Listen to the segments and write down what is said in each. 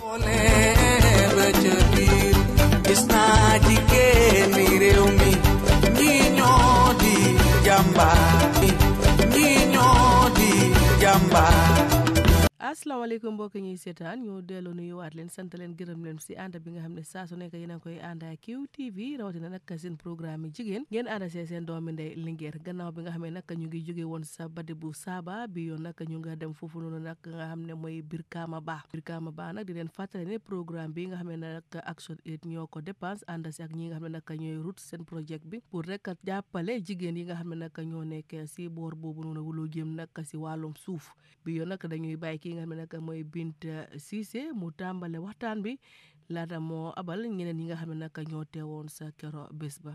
ਬੋਲੇ ਵਿੱਚ Assalamualaikum mbokk ñuy seetaan ñoo delloo nuyuwaat leen sant leen gërëm leen si ànd bi nga xam ne saa su nekk yéen koy ànd ak QTV rawatina nag seen programme yi jigéen ngeen ànd see seen doomi ndey Linguère gannaaw bi nga xam ne nag ñu ngi jóge woon sa bade bu Saba bi yoon nag ñu nga dem foofu noonu nag nga xam ne mooy birkama Bah Birkama Ba nag di leen fàttali ne programme bi nga xam nag Action Aid ñoo ko dépense ànd si ak ñi nga xam ne nag ñooy route seen projet bi pour rek jàppale jigéen yi nga xam ne nag ñoo nekk si boor boobu noonu wuloo jëm nag si wàllum suuf bi yoon nag dañuy bàyyi xam ne bint mooy Binta Cissé mu tàmbale waxtaan bi abal ñeneen ñi nga xam ne ñoo teewoon sa kero bés ba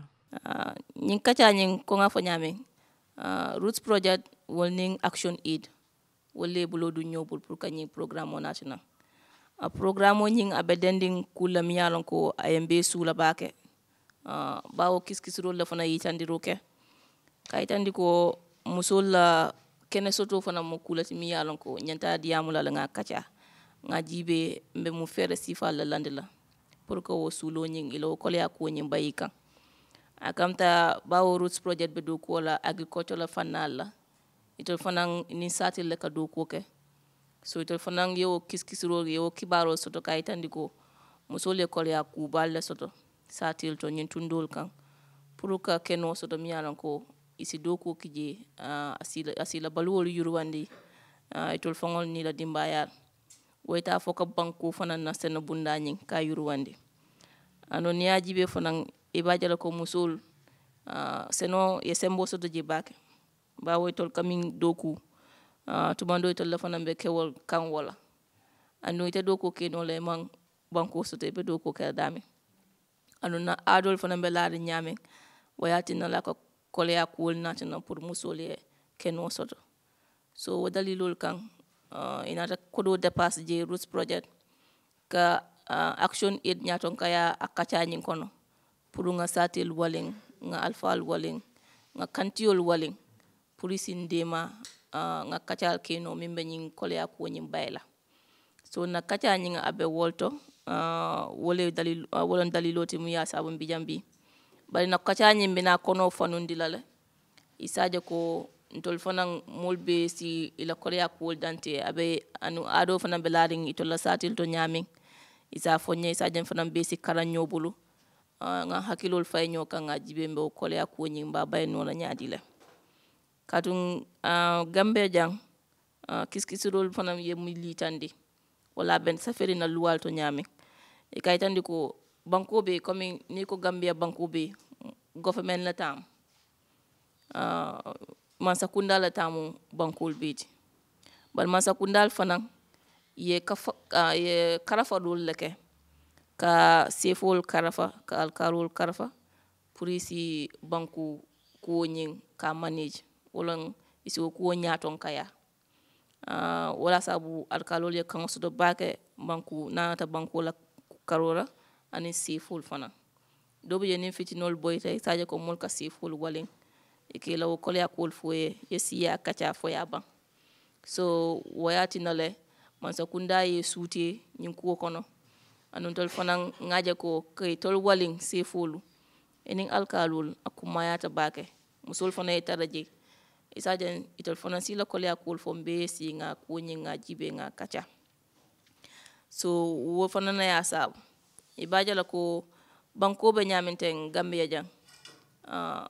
ñing ah, ko nga fa ñaameng ah, roots project wol ning action aid wol ah, le bulo du ñobul pour ka programme o national a programme o ñing abe dending kulam yalon ko ayembe suula baake bawo kiskisirol la fana yitandiro ke ka musul la kene soto fana mo kula kulati mi yalon ko nyanta di amula la nga kacha nga jibe mbe mu fere sifa la landela pour ko wo sulo nyin ilo kolya ko nyin bayi kan akamta bawo roots project be do ko la agriculture la fanal la ito fanan ni sati le ka do ko ke so ito fanan yo ro yo kibaro soto kay tandiko muso le ko kolya ku bal la soto satil to nyin tundol kan pour que keno soto mi yalon ko isi doko kije uh, ah, asila, asila baluwolu yurwandi uh, ah, itol faŋol ni la dimbaya wo ita banku fana na sena bunda ka yurwandi ano ni ye jibe fanaŋ jala ko uh, seno ye sembo soto je baake bawo itol kamiŋ doku uh, tumando itol la fanaŋ be kewol wo ano ite doko ke no la i soto i be doko ke dami ano na aadol fana be laariŋ ñaamiŋ wo ye tinna la ko kole a kool nati na pour musol ke no soto so wadali dalilol kan uh, inata kodo dépasse je roots project ka uh, action aid ñaton kaya a kacañin kono pour nga satel walin nga alfal walin nga kantiol walin pour isin dema uh, nga kacal keno mimbe be ñin kole a kuoñin bayla so na kacañin abe wolto uh, wole dalil uh, wolon daliloti mu ya sabon bijambi bi bari na kaca ñiŋ bi naa konoo fanundi la ko ntolu fanaŋ mulbe si ila korea kul dante abe anu ado fanaŋ be itola satil to nyami isa fonye ñe isaajeŋ fanaŋ be si karaŋñoo bulu ŋa ah, hakkiloolu faye ñoo kaŋ a jibeŋ be wo koriya kuwo ñiŋ ba baye noo la ñaadi le kaatuŋ uh, ah, gambe jaŋ uh, ah, kisikisiroolu fanaŋ ye mu liitandi wala ben safari na luwaalu to nyami e ka itandi ko banku be comme ni ko gambia banku be government la tam uh, ah, mansa kunda la tamu bankul beji bal mansa kundal fanan ye kafa ye karafa dul leke ka sefol karafa ka alkarol karafa pour isi banku ko ñing ka manage wala isi ko ñaton kaya uh, ah, wala sabu alkalol ye ba soto baake banku nanata banku la karola ani seafood fana dobe bi je niŋ fitinolu boyita i se ko moolu ka seafood waliŋ i ka i la wo koleya kuolu fo ye ye siiyaa kaccaa fo ya a so wayati ye a tinna le mansa kundaa ye suti ñiŋ ko kono anuŋ tolu fanaŋ ŋa je ko ka tol tolu waliŋ seefoolu alkalul akuma ya ta bake musul fana fanaŋ ye tara e je i se a je itolu fanaŋ si i la fo mbe ye sii ŋa kuo ñiŋ nga kacha so wo fana na ya sabu i baajala ko bankoɓe ñaminten gambiya jan ah,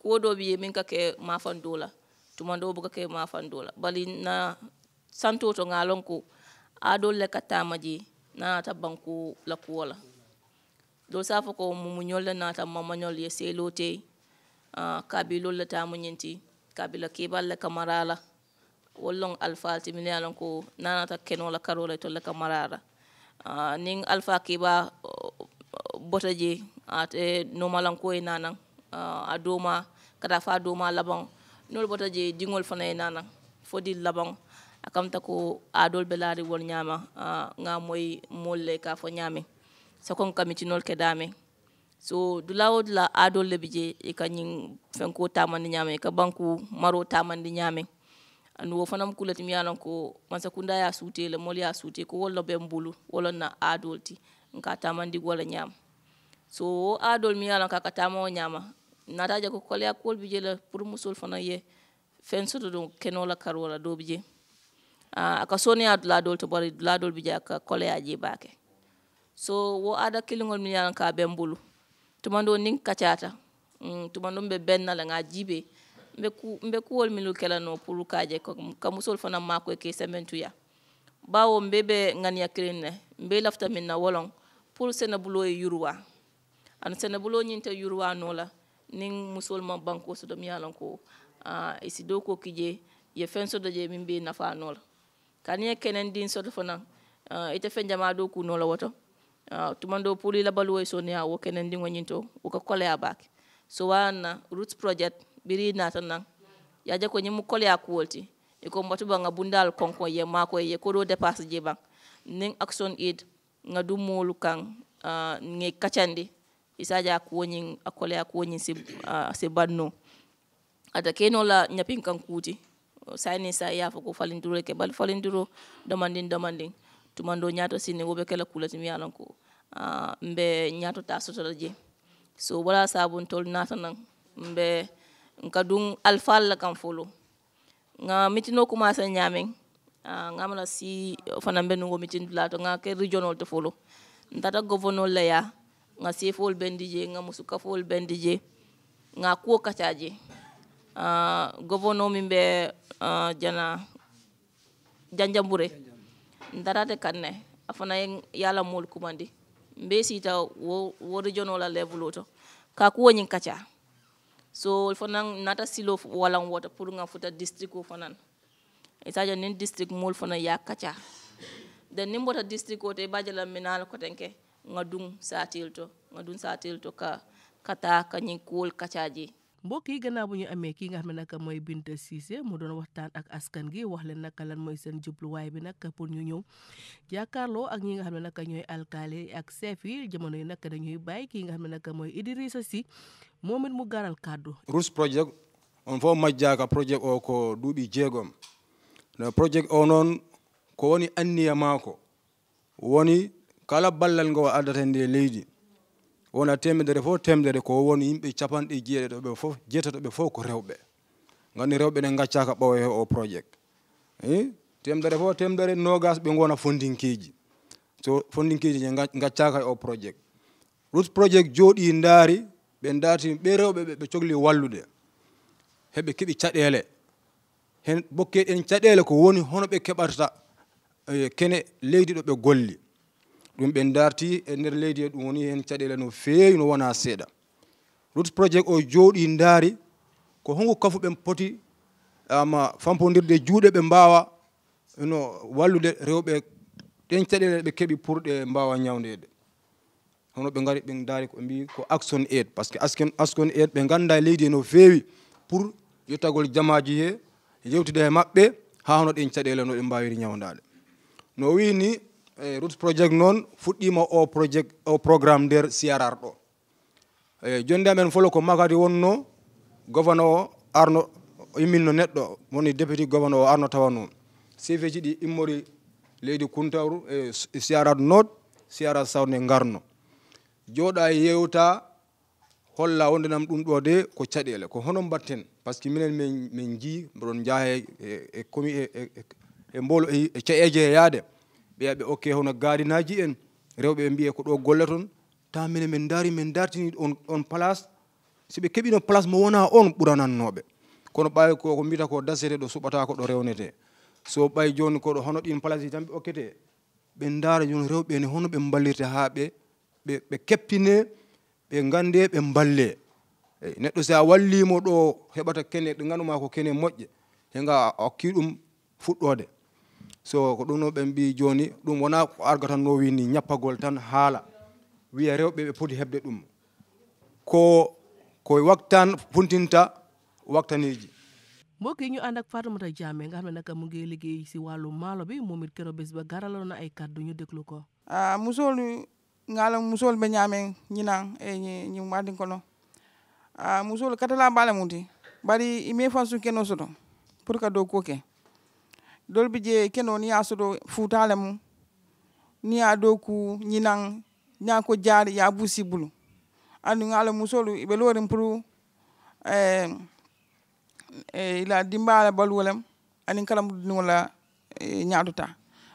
kuwo doo ɓiye min ka ke mafan do la tumando boka ke mafan do la bali na santo to ŋalon ko aadol le ka tamaje nanata banko la kuwo ah, la do safo ko mumuñol le nata mamañol ye seelo tey kabilol le tamuñinti kabila kebal le kamarala wollon alfalti mi ne alon ko nanata kenola karola tolle kamarara uh, ning alpha kiba bota je ate ah, nomalankoye nanan uh, ah, a doma kada fa doma laban nol bota je dingol fana ye nanan fo di laban a kamta ko adol be laari wol ñama uh, nga moy molle ka fo ñami sakon kamitinol ke dame so dula o dula adol le je e ka ñing fenko tamandi ñame e ka banku maro tamandi nyame. andu wo fanam kulati mi yalan ko mansa kunda ya sute le mol ya sute ko wala be mbulu wala na adol ti nka tamandi wala nyam so adol mi yalan ka ka tama o nyama nata jago kole akol bije la pour musul fana ye fen soto don kenola karola do bi bije uh, aka sonia la dol to bari la bi bije ka kole ya je bake so wo ada kilingol mi yalan ka ben bulu tumando ning kacata mm, tumando be benna la nga jibe mbe ku minul kelano pour kaje ka musol fana mako ke sementuya bawo mbe be ŋaniya kiliŋ mbe lafta miŋ na woloŋ pour bulo e yuruwa ani senebulo bulo te yuruwa noo la ning musol ma banko soto miŋ ye a ko uh, isido ko kije ye fenso do je mbe be nafaa la kaniŋ ye kenendiŋ soto fana uh, ite feŋ jamaa do ku noo la woto uh, tumando pour i labaluwo sonia wo kenendiŋo ñiŋ to wo ka so waa na roots project biri na nan ya je ko nyimu kole ya kuwolti iko mbatu banga nga bundal konko ye mako ye kodo de dépasse je ban nin action aid nga du molu ah, nge kachandi isaja kuwonyin akole ya kuwonyin si uh, ah, si banno ata keno la nyapin kan kuti sani sa ya fuko ko falinduro ke bal falinduro domandin domandin tumando nyato sini wobe kala kulati mi yalan ko ah, mbe nyato ta sotola je so wala sabun tol nata nan mbe nka dun alfal la kan folo nga mitino commencé ñaameng uh, ah, nga mala si eh, fana be nungo mitin dulato nga ke regional to folo ntata governor la ya nga sefol bendije nga musuka fol bendije nga kuo kacaje uh, ah, governor min be uh, ah, jana janjambure ntata te kanne afana yala mol kumandi mbe sita wo, wo regional la level to ka kuo nyin kaca so fana nata silo walan wata pour nga futa district fana isaja nin district mol fana ya kacha da nin bota district o te bajala minal ko tenke nga dun satil to nga dun satil to ka kata ka nyin kool kachaji mbokk yi gannaaw bu ñu amee kii nga xam ne nag mooy Binta Cissé mu doon waxtaan ak askan gi wax leen naka lan mooy seen jubluwaay bi nag pour ñu ñëw jàkkaarloo ak ñi nga xam ne nag ñooy alkaali ak chef yi jamono yi nag dañuy bàyyi kii nga xam ne nag mooy Idrissa Sy momin mo garal kaddo rus projet on fof majjaka projet o ko duuɓi jeegom no projet o noon ko woni anniya maako woni kala ballal ngo addata nde leydi wona temedere fof temedere ko woni yimɓe capanɗe jeeɗeɗo ɓe fof jeetatoɓe fof ko rewɓe ganndi rewɓe ɗen gaccaka ɓawo he o projet i temedere fof temedere nogas ɓe gona fondinkeji so fondinkeji je gaccaka e o projet rut projet jooɗi ndaari ɓe ndaati ɓe rewɓe ɓe ɓe cohli wallude heɓe keɓi caɗele hen bokkeɗen caɗele ko woni hono ɓe keɓata e, kene leydi ɗo ɓe golli ɗum ɓe ndaarti e ndeer leydi e ɗum woni heen caɗeele no feewi no wonaa seeɗa rout project o jooɗi ndaari ko hongo kafu ɓen poti ama fampodirde juuɗe ɓe mbaawa no wallude rewɓe ɗen caɗeele ɓe keɓi pour ɗe mbaawa ñawndeede hono ɓe ngari ɓe daari koɓe mbi ko action aid par ce que action aid ɓe ngannda leydi no feewi pour yettagol jamaji he yewtide e maɓɓe ha hono ɗin caɗele no ɗe mbaawiri ñawdade no wii ni e route project noon fuɗɗima o project o programme nder siyarar ɗo eyi jonde amen folo ko makadi wonno gouverneur o arno imminno neɗɗo woni député gouverneur o arno tawano sefeji ɗi immori leydi kuntaru e siyarat nord siyarat sawne ngarno jooɗa e yewta holla wonde nam ɗum ɗo de ko caɗele ko hono mbatten par ce que minen min min jii mboɗon jaaha e, e, e komi e mbolo e caƴeje he yaade ɓe yaɓe okke hono gaadinaji en rewɓe ɓe mbiye ko ɗo golle toon ta minen min daari min dartini on on place si ɓe keɓino place mo wona on ɓurananoɓe kono ɓay koko mbita ko dasete ɗo suɓata ko ɗo rewnete so ɓay joni koɗo hono ɗin place ji tan ɓe okkete ɓe daara joni rewɓe ne hono ɓe mballirte haa ɓe ɓe keppine ɓe gande ɓe mballe eyi neɗɗo si a wallimo ɗo heɓata kene ɗe ganduma ko kene moƴƴe hega a hokki ɗum fuɗɗode so ko ɗum no ɓen mbi joni ɗum wona ko arga tan no wini ñappagol tan haala wiya rewɓe ɓe poti heɓde ɗum ko koye waktan puntinta waktaniji bo keñu andak fatamata jame gatma naka mo gue liggey si wallu maaloɓe momit kero ɓesba garalono ay kadduñu déglu ko a ah, musolu ngalam musol be ñamen ñinan e eh, ñi wadin kono a ah, musol katala bala mundi bari ime fansu keno soto pour ka do ko ke dol bi je keno ni ya soto futale mu ni ya do ku ñinan nya ko jaari ya busi bulu andu ngala be ibe lorin pour eh, eh, ila dimbala balwolem anin kalam muduniwola eh, ñaatuta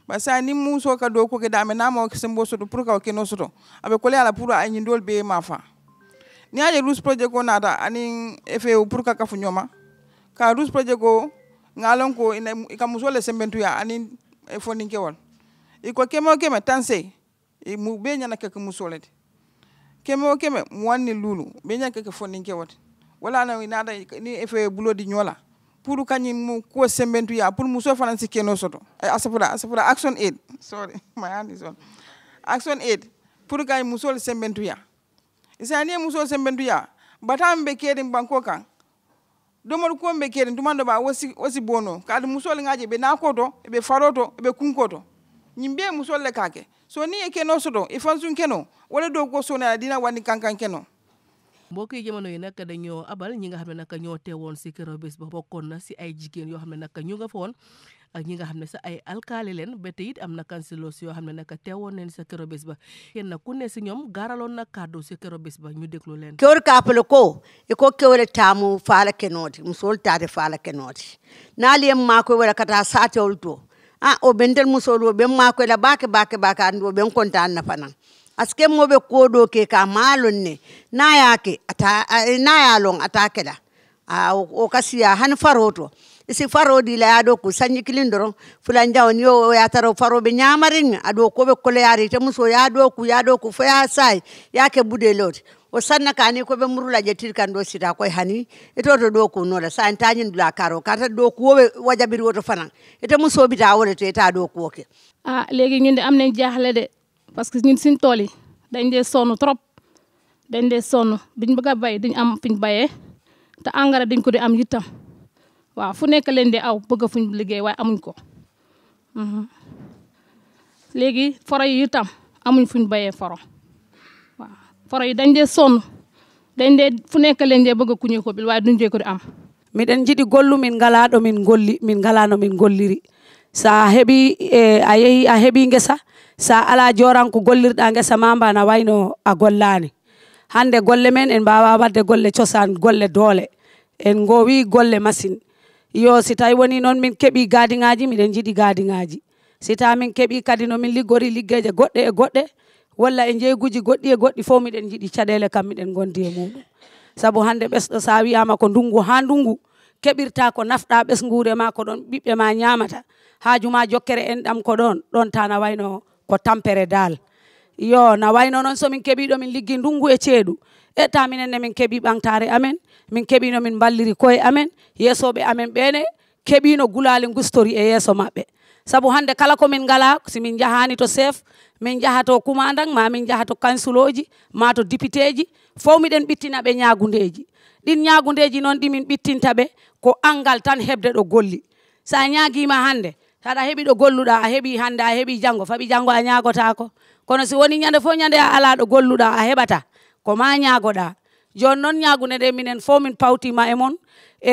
basa ni muso ka do ko ke dame na mo sembo soto pour ka ke no soto abe kole ala pour a ni ndol be ma fa ni aje rus project ko nada ani efe pour ka ka fu nyoma ka rus project ko ngalon ko ina ka muso le sembentu ya ani e fo ke wal i ko kemo ma tanse i mu be na ke ke muso le kemo ke ma wonni lulu be nya ke ke fo ke wat wala na ina nada ni efe bulo di nyola pour kañum mo ko sembentuya pour mo so faransi keno soto ay eh, asafura asafura action aid sorry my hand is on action aid pour kañ musol sembentuya isani musol sembentuya batam be kedin banko kan domor ko be kedin tumando ba wosi wosi bono kadi musol ngaje be nakoto be faroto be kunkoto nyimbe musol le kake so ni e keno soto e fansun keno wala do ko sona dina wani kankan keno mbokk yi jamono yi nag dañoo abal ñi nga xam ne nag ñoo teewoon si këro bés ba bokkoon na si ay jigéen yoo xam ne nag ñu nga foon ak ñi nga xam ne sa ay alkaali leen ba tey it am na kansilos yoo xam ne nag teewoon nañ sa këro bés ba kenn ku ne si ñoom gaaraloon na kàddu si këro bés ba ñu déglu leen kewol kaapale ko e ko kewole taamu faala kenooti musol taate faala kenooti naa liyem maa koy wala kata saatewol to ah o bentel musol o ben maa koy la baake baake baake andi o ben kontaan na fanan aske moɓe kodo ke ka malon ne nayake naya lon ata keɗa o kasiya han faro to isi faro di la ado ku sanyi kilindoro fulan jawon yo ya taro faro be nyamarin ado ko be kole yari te muso ya do ku ya do ku fo ya sai yake bude lot o sanna kani ko be murula je tirkan do sita ko hani eto to do ku no la san tanyin dula karo kata do ku o wajabir woto fanan eto muso ta wore to ita do ku oke ah legi ngende amne jahle de parce que ñun suñ tool yi dañ dee sonn trop dañ dee sonn biñ bëgg a bay duñ am fuñ bayee te engrais dañ ko di am itam waaw fu nekk leen di aw bëgg fuñ liggéey waaye amuñ ko mhm. léegi foro yi itam amuñ fuñ bayee foro waaw foro yi dañ dee sonn dañ dee fu nekk leen dee bëgg kuñu ko bil waaye duñ dee ko di am mi miɗen jiɗi gollu min ngalaɗo min golli min ngalano min golliri sa heɓi eh, a yehi a heɓi ngesa sa ala joran ko gollirɗa gesa mamba na wayno a gollani hande golle men en mbawa wadde golle cosan golle doole en gowi golle machine yo si tawi woni noon min keeɓi gadiŋaji miɗen jiiɗi gadiŋaji si ta min keeɓi kadi nomin liggori liggeje goɗɗe e goɗɗe walla e jeyguji goɗɗi e goɗɗi fo miɗen jiiɗi caɗele kam miɗen gondi e muɗum saabu hande ɓesɗo sa wiyama ko ndungu ha ndungu keɓirta ko nafɗa ɓesgurema ko ɗon ɓiɓɓe ma ñamata hajuma jokkere en ɗam ko ɗon ɗon tana wayno ko tampere dal yo na wayno noon somin keɓiɗo min liggi ndungu e ceeɗu e ta minenne min keeɓi ɓantare amen min keeɓino min balliri koye amen yeesoɓe amen ɓene keɓino gulali gustori e yeeso maɓɓe saabu hande kala komin ngala simin jahani to chef min jaha to commandant ma min jaha to kansuloji ma to député ji fo miɗen ɓittina ɓe ñagundeji ɗin ñagudeji noon ɗimin ɓittinta ɓe ko angal tan hebde ɗo golli sa ñaguima hande saɗa heeɓi ɗo golluɗa a heɓi hande a heɓi jango faɓi janggo a ñagotako kono si woni ñande fof ñande a ala ɗo golluɗa a heɓata ko ma ñagoɗa joni noon ñagude nde minen fof min pawtima e moon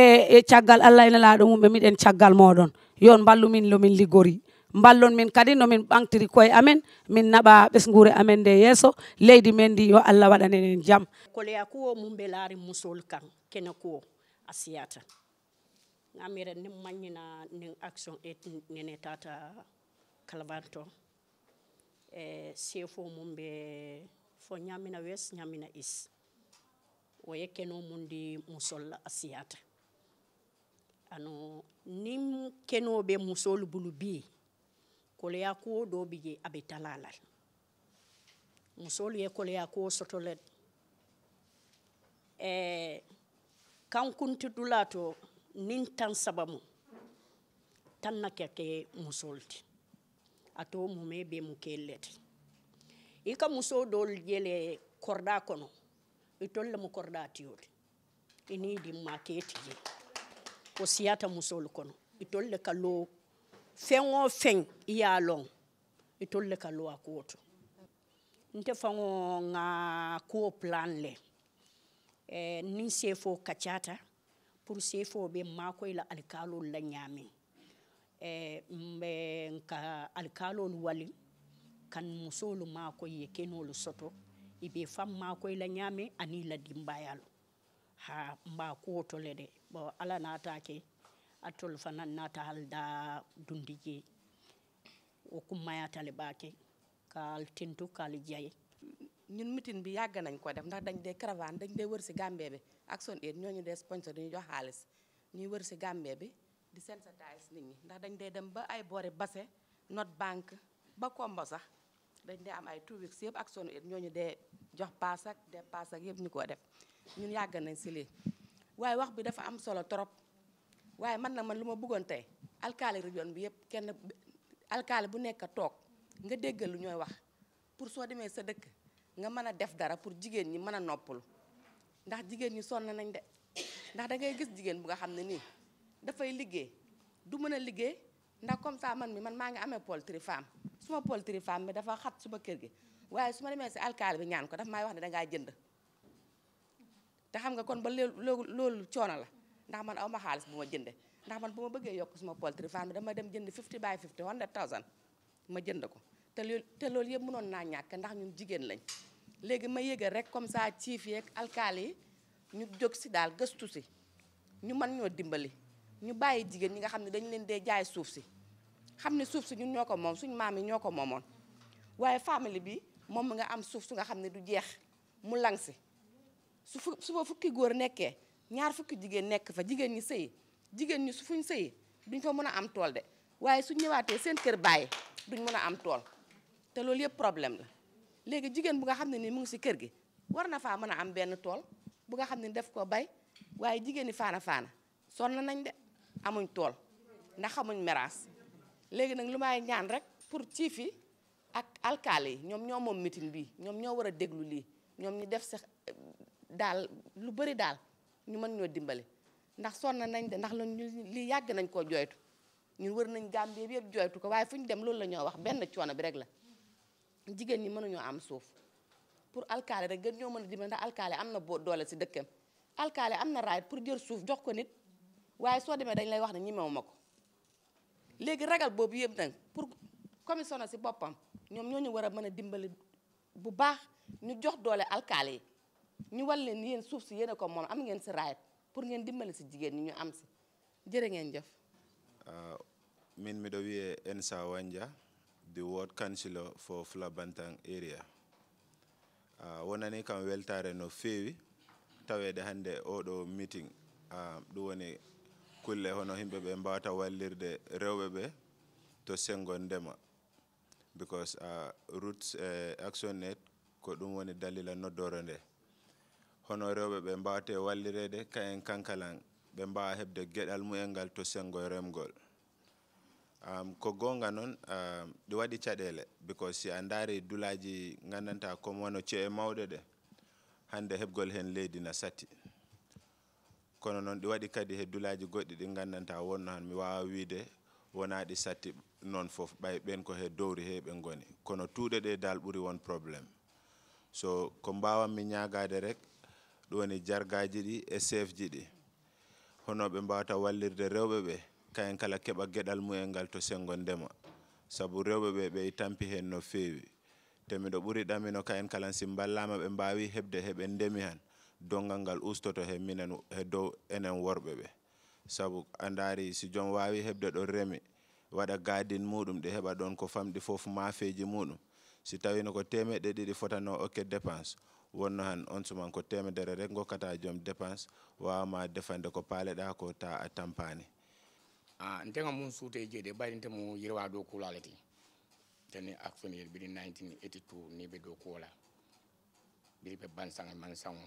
e e caggal allah ene laaɗo mum ɓe miɗen caggal moɗon yon ballumin lomin liggori ballon min kadi nomin ɓantiri koye amen min naɓa ɓesgure amen nde yesso leydi men ndi yo allah waɗanen en jaam koleya kuwo mum ɓe laari musol kan kene kuwo a siyata ngamira ni manyina ni action et nene tata kalvanto e eh, sefo mumbe fo nyamina wes nyamina is wo ye keno mundi musol asiyata ano nin keno be musolu bulu bi ya kuo do bi je a la ye koleya kuwo soto le eh, kankunti dula to nin tan sabamu tan na kɛ kɛ musol ti a to mume be mu kelle ti i ka muso dol yele korda kono i tol mu korda tiyo ti i ni di ma ke ti je o siyata musol kono i tol le ka lo feŋ o feŋ i lon a i tol le ka lo a koto to nte fango nga ko plan le eh, se fo kachata pour sefoɓe makoyla alkalol la ñamen e ɓe ka alkalol wali kan musol makoy ye kenol soto ibe fam makoyla ñame ani la dimbayal ha mba kotole de bo ala natake atol fanan natahal da dundi je o kummayatale ɓake kaal tentu kaal jeye ñun meeting bi yàgg nañ ko def ndax dañ dee caravane dañ dee wër si gàmbee bi Action ñoo ñu dee sponsor dañuy jox xaalis ñuy wër si gàmbee bi di sensitise nit ñi ndax dañ dee dem ba ay boori base North Bank ba Kombo sax dañ dee am ay two weeks yëpp Action ñoo ñu dee jox paas ak dee paas ak yëpp ñu ko def ñun yàgg nañ si lii waaye wax bi dafa am solo trop waaye man na man lu ma buggoon tey alkaali région bi yëpp kenn alkaali bu nekk toog nga déggal lu ñooy wax pour soo demee sa dëkk nga mën a def dara pour jigéen ñi mën a noppalu ndax jigéen ñi sonn nañ de ndax da ngay gis jigéen bu nga xam ne nii dafay liggéey du mën a liggéey ndax comme ça man mi man maa ngi amee poultry farm suma poultry farm bi dafa xat suma kër gi waaye su ma demee si alkaal bi ñaan ko daf maay wax ne dangaa jënd te xam nga kon ba loolu loolu coono la ndax man aw ma xaalis bu ma jënde ndax man bu ma bëggee yokk suma poultry farm bi dama dem jënd 50 by 50 100 000 ma jënd ko te loolu te loolu yëpp mënoon naa ñàkk ndax ñun jigéen lañ léegi ma yëgal rek comme saa ciif yeeg alkaali ñu jóg si daal gëstu si ñu mën ñoo dimbali ñu bàyyi jigéen ñi nga xam ne dañ leen dee jaay suuf si xam ne suuf si ñun ñoo ko moom suñu maam yi ñoo ko moomoon waaye famille bi moom mu nga am suuf su nga xam ne du jeex mu lang si su fu su fa fukki góor nekkee ñaar fukki jigéen nekk fa jigéen ñi sëy jigéen ñi su fuñ sëy duñ fa mën a am tool de waaye suñ ñëwaatee seen kër bàyyi duñ mën a am tool te loolu yëpp problème la léegi jigéen bu nga xam ne nii mu ngi si kër gi war na faa mën a am benn tool bu nga xam ne def ko bay waaye jigéen ñi faana faana sonn nañ de amuñ tool ndax amuñ meraas léegi nag lu may ñaan rek pour ciif yi ak alkaali yi ñoom ñoo moom mitin bii ñoom ñoo war a déglu lii ñoom ñu def sa eh, daal lu bari daal ñu mën ñoo dimbali ndax sonn nañ de ndax ñu lii yàgg nañ koo jooytu ñun wër nañ Gambie bi yëpp joytu ko waaye fu ñu dem loolu la ñoo wax benn coono bi rek la jigéen ñi mënuñoo am suuf pour alkaale rek gën ñoo mën a dimbali ndax alkaale am na boo doole si dëkkam alkaale am na raay pour jël suuf jox ko nit waaye soo demee dañ lay wax ne ñemewu ma ko léegi ragal boobu yëpp nag pour commission si boppam ñoom ñoo ñu war a mën a dimbali bu baax ñu jox doole alkaale yi ñu wal leen yéen suuf si yéen ko moom am ngeen si raay pour ngeen dimbali si jigéen ñi ñu am si jëre ngeen jëf. Ah, min miɗo wiye Ensa Wanja the ward councillor for flabantan area uh, ah, wonani kam weltare no feewi tawede hannde oɗo meeting ah, ɗum uh, woni kulle hono himɓe ɓe mbawata wallirde rewɓe ɓe to sengo ndema because uh, ah, routes e uh, action net ko ɗum woni dalila noddore nde hono rewɓe ɓe mbawate wallirede kayen kankalan ɓe mbawa heɓde geɗal mu'el ngal to sengo remgol um, ko gonga noon ɗi um, waɗi caɗele because si a ndaari dulaji gandanta comme wono ceee mawɗe ɗe hande heɓgol hen leydi na sati kono noon ɗi waɗi kadi he dulaji goɗɗi ɗi gandanta wonno han mi wawa wiide wonaɗi satti noon foof ɓay ɓen ko he dowri he ɓe goni kono tuuɗe ɗe dal ɓuri won probléme so ko mbawanmi ñagade rek ɗum woni jargaji ɗi e chef ji ɗi hono ɓe mbawata wallirde rewɓe ɓe kayen kala keɓa geɗal mumen ngal to sengo ndema sabu rewɓe ɓe ɓe tampi hen no feewi te miɗo ɓuri ɗamino kayen kala si mballama ɓe mbawi heɓde heɓe ndemi han dongal ngal ustoto he minen he dow enen worɓe ɓe sabu andari si joom wawi heɓde ɗo remi waɗa gadin muɗum ɗe heɓa ɗon ko famɗi foof maafeji muɗum si tawino ko temeɗe ɗiɗi fotano okke dépense wonno han on suman ko temedere rek gokkata joom dépense wawama defande ko paaleɗa ko ta a tampani ah nte nga mun suute je de bari nte mu yirwa do kula lati tani action yel bi 1982 ni be do kola bi be ban sanga man sango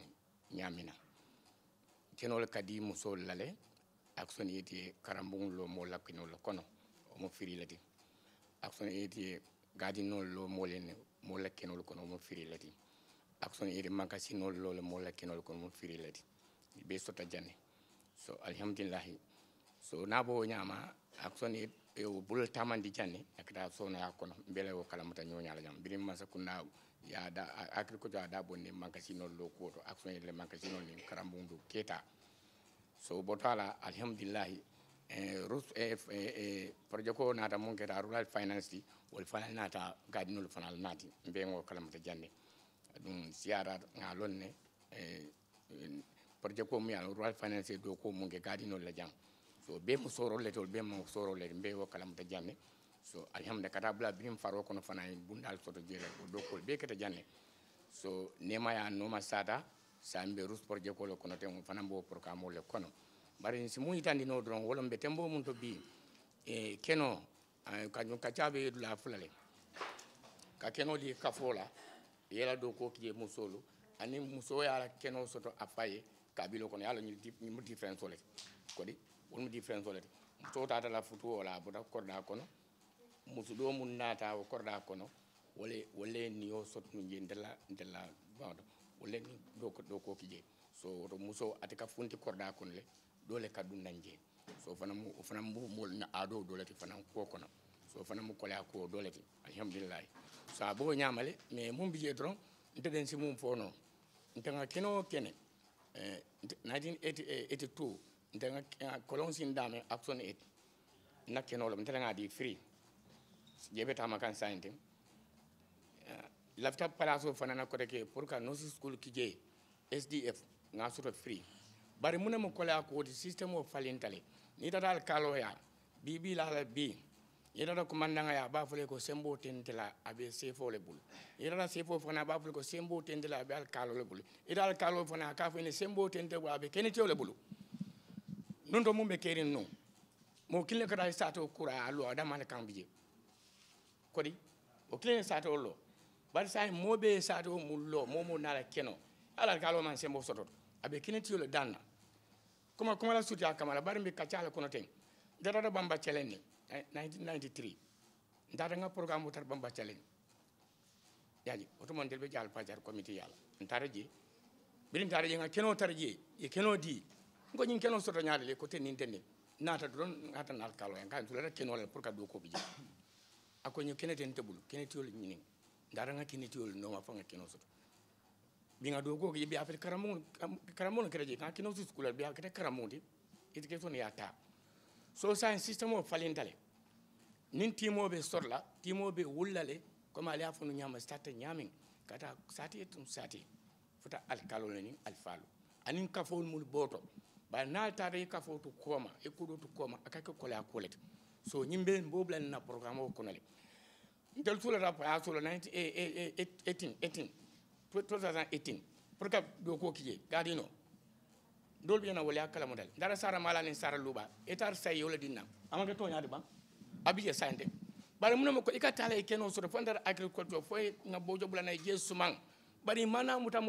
nyamina kenol kadi muso lale action yeti karambung lo mo lapino lo kono mo firi lati action yeti gadino lo mo len mo lakino lo kono mo firi lati action yeti mankasino lo mo lakino lo kono mo firi lati be sota jane so alhamdulillah so nabo nyama aksoni e o bul tamandi janni akata so na kono mbele wo kala mata nyonya la jam ma sa kunna ya da akri ko da bonni magasino lo koto to aksoni le magasino ni karambundu keta so botala alhamdulillah e eh, rus e eh, e eh, projet ko nata mon keta rural finance di wol fanal nata gadinol fanal nati be ngo kala mata janni dum siara ngalonne eh projet ko mi rural finance do ko mon ke gadinol la jam so be mo sorole tol be mo sorole be wo kala muta janne so alhamdulillah kata bla binim faro kono fana bundal soto jere ko dokol be kata janne so nema ya noma sata sambe rus por je kolo kono tem um fana mbo por ka mole kono bari si mu itandi no don wolom be tembo mun to bi e keno ka nyu ka chabe la fulale ka keno di ka fola yela do ko kiye solo ani so ya keno soto apaye kabilo kono ya nyu di mu difference ole kodi wonmo di fen solete muso tata la futuo la bota korda kono musu ɗo mum naata o korda kono wole wolle ni o sotnu je ndella ndella bawdo wolle ni ɗo ɗo koki je so woto muso ate ka funti korda kono le dole ka ɗum nan so fana o fana mbumol na aɗo dolete fana ko kono so fana mo kole ko dolete alhamdulillah so a bo ñamale mais mum bije dron nteɗen si mum fo noon ntaga kene o kene 1982 ndenga ah, kolon sin dame action it nakke no lum di free jebe tama kan sainte ah, lafta palaso fanana ko reke pour ka no school ki je sdf nga suto free bari munam ko la ko di system of falintale ni dadal kalo ya bibi la la bi yedata ko mandanga ya ba fule ko sembo tentela abe sefo le bulu yedata sefo fana ba fule ko sembo tentela abe al kalo le bulu yedal kalo fana ka fene sembo tentela abe kenete le bulu ɗum to mum ɓe keerin noon mo kille sato kura a lo adamane kambije kodi o sato lo bari sa moɓe sato mum momo nala keno alal kalo man sembo sototo aɓe kinetiyolo danna kuma kuma la suti akamala bari mbi kacala kono ten darada bamba challenge eh, 1993 ndata nga programme tar bamba challenge yaji oto delbe jal pajar committee yala ntara je birin nga keno tara e keno di ngo ngonyin kenon soto nyaale le kote nin tenne naata don nata nal kalo en kan tulata keno le pour ka do ko bi ako nyu kene ten tebul kene tiol nyini dara nga kene tiol no ma fanga kenon soto bi nga do ko bi afel karamon karamon kere je kan kenon soto kula bi akete karamon di it ke fon ya ta so sa science system of falintale nin timo be sorla timo be wulale ko ma ale afunu nyama starta nyamin kata sati tum sati futa alkalo ni alfalu anin kafon mul boto bari n'a taara i k'a fɔ tu kɔ ma ko do tu kɔ ma a ka kɛ kɔlɔya ko so ɲin bɛ na programme o kɔnɔ le n la da paya so la 1918 18 2018 pour que do ko k'i ye gardi nɔ dɔw bɛ na waleya sara mala ni sara luba e taara sa ye o la di de ban a bi bari mun na ma ko i ka taa la fo n agriculture fo n ka bɔjɔ na i je suman bari i ma n'a muta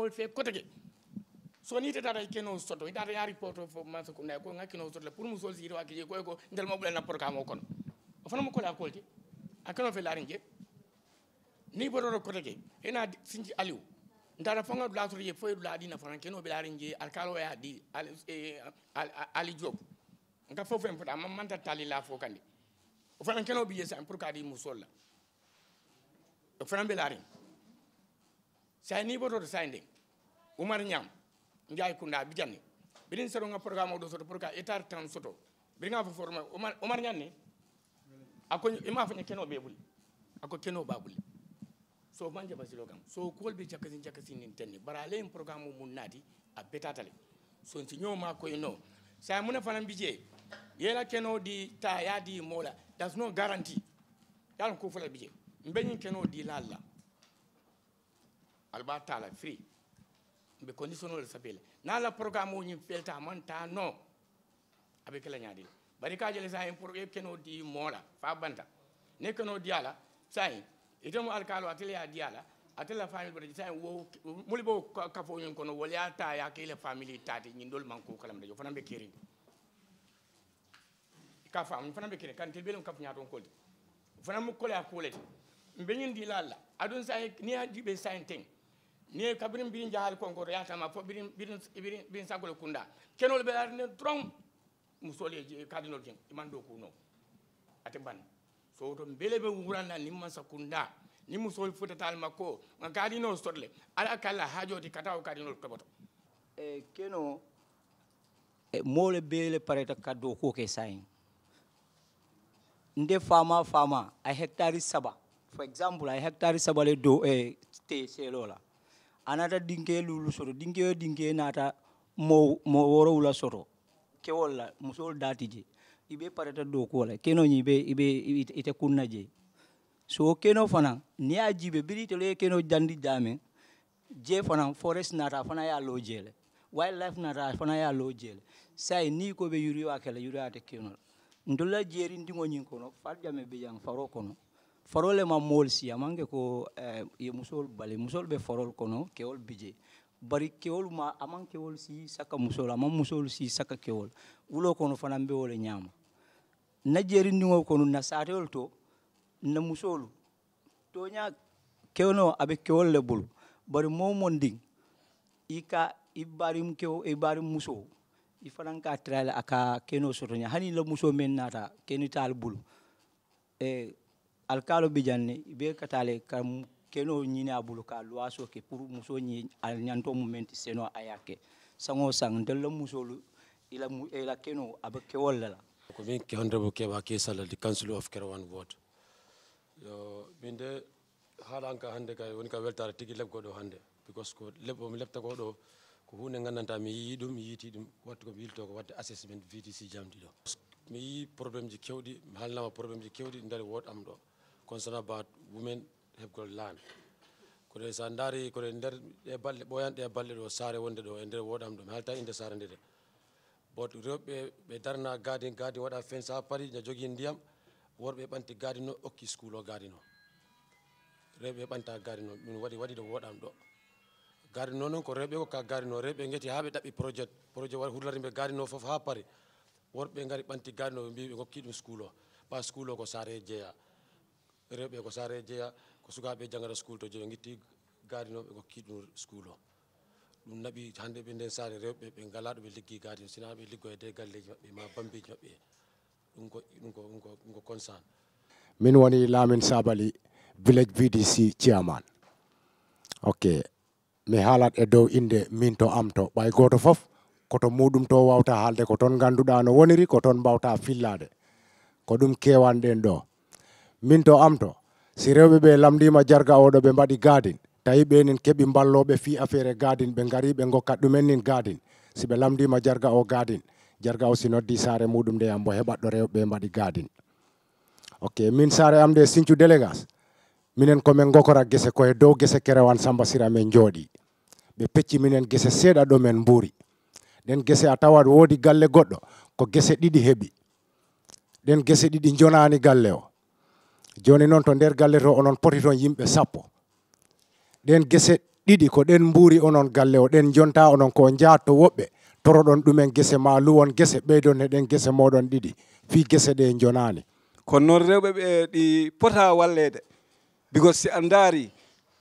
so ni te itetata ikeno soto idata ya ripoto fo maso kuna ko nga kino soto pour musol siri wa kije ko ko ndel mo bulen na porka mo kono ofana mo ko kola kolti akano fe la ringe ni ro ko ke ina sinji aliu ndara fanga la soto ye foy la dina fana keno be laringe kalo ya di ali e, ali job nga fo fem fota man ta tali la fo kandi ofana keno bi yesa pour ka di mo sol la ofana be la ringe sa ni bororo sa ndeng umar nyam njaay kunda bi janni bi birin sero nga programme do soto pour ka etar tan soto bi nga fa forma omar omar nyanni ako ima fa keno be buli ako keno ba buli so manje ba silo kam so kol bi jakasi jakasi ni tenni bara le programme mu nadi a betatale so nti ma koy no sa mu ne muna fanan bije yela keno di ta ya di mola there's no guarantee yalla ko fa la fula bije mbenyin keno di lalla alba tala free be condition wala conditionnol na la programme uñi pelta man ta no abe kala ñaadil bari ka le sayin pour e keno di mola fa banta ne keno di diyala sayin itemu alkalo atel ya di ala atel e la famille bari sayin wo muli bo ka kafo ñun kono wala ta ya kele famille tati ñin ndol man ko kalam de yo fana be kiri ka fa fana be kiri kan til ka kaf ñaaton kolti fana mu kola kolati mbe ñin di la adun sayin ni ha be sayin teng ni kabirin birin jahal yata yatama fo birin birin birin birin sagol kunda kenol be arne tron musole kadinol jeng iman do kuno ate ban so to bele be wurana ni ma sakunda ni musol futa tal ma kadinol sotle ala kala o cardinal kadinol boto e keno e mole bele pareta kaddo ko ke sain nde fama fama a hectare saba for example a hectare saba le do e te selola anata dinke e lulu soto dinke dinke e nata mo mo woro wula soto ke wala muso dati je ibe parata do ko wala keno ni be ibe ite kunna je so keno fana ni a be biri to le keno jandi jame je fana forest nata fana ya lo jele wildlife nata fana ya lo jele sai ni ko be yuri wa kala yuri ate keno ndula jeri ndingo nyin kono fal jame be yang faro kono farole ma mool si a manke ko ye eh, musol bale musol be farol kono kewol bije bari kewol ma a man kewol si saka musol a musol si saka kewol wulo kono fanan be wole ñaama na jeri kono na saatewol to na musolu toña kewno abe kewol le bulu bari moo mon ndiŋ i ka i barim kewo i barim muso i fanan ka tirale a ka keno sotoña hani la muso men naata keni bulu eh, alkalo bijanne be katale kam keno ñini bulu ka luwaso ke pour muso ñi al nyanto mu seno ayake sango sang ndel muso musolu ila mu ila keno abake kewol la ko vin ke honorable ke ba ke sala di council of kerwan vote yo binde halanka hande kay woni ka weltare tigi lebgo do hande because ko leb mi lebta do ko hunde gandanta mi yii ɗum mi yiti ɗum wattu ko yilto ko wadde assessment vtc jamdi do mi yii probléme ji kewɗi mi haalnama probléme ji kewɗi nder wot am ɗo concerned about women have got land koɗo sa daari koɗo nder ɗe balɗe ɓoyanɗe balɗe ɗo saare wonde ɗo e nder woɗam ɗum halta inde saare nde ɗe bot rewɓe ɓe darna gaadi gaadi waɗa fen sa pari ne jogii ndiyam worɓe ɓanti gaadi no okki school o gaadi no rewɓe ɓanta gaadi no ɗum waɗi waɗi ɗo woɗam ɗo gaadi noon noon ko rewɓe ko ka gaadi no rewɓe geti haa ɓe ɗaɓɓi projet projet waɗi hurlariɓe gaadi no fof haa pari worɓe ngari ɓanti gaadi no ɓe mbi ɓe gokki ɗum school o ɓa school o ko saare jeeya rewɓe ko sare jeeya ko sukaɓe jangata school to joɓe guitti gadinoɓe ko kiiɗum school o ɗum naɓi hande ɓe nden sare rewɓe ɓe gala ɗo ɓe liggi gadi sina ɓe liggoyde e galleji maɓɓe ma bambiji maɓɓe ɗum ko ɗum ko ɗum ko consent min woni laamin sabali village bdc ciaman ok mi haalat e dow inde min to am to ɓay goto foof koto muɗum to wawta haalde ko toon ganduɗa no woniri ko toon mbawta fillade ko ɗum kewanɗen ɗo minto amto, si rewbe be lamdima jarga oɗo ɓe mbaɗi gadin be nin kebi mballobe fi affaire garden, bengari be ɓe gokkat garden. nin gadin be lamdima jarga o garden, jarga o si noddi saare muɗum nde yambo heɓatɗo rewɓe mbaɗi gadin ok min sare amde sinju delegas, délégas minen men gokora gese e do gese kerewan samba sira men jodi. be pecci minen gese seda do men buri den gese a tawat woodi galle goddo ko gese didi hebi den gese didi jonaani galle o joni noon to nder galle to onon poti toon yimɓe sappo ɗen gese ɗiɗi ko ɗen mburi onon galle o ɗen jonta onon ko jahat to woɓɓe toroɗon ɗumen gese ma luwon gese ɓeydon heɗen gese moɗon ɗiɗi fi gese ɗe jonani kono noon rewɓe ɓe ɗi pota wallede bicos si a daari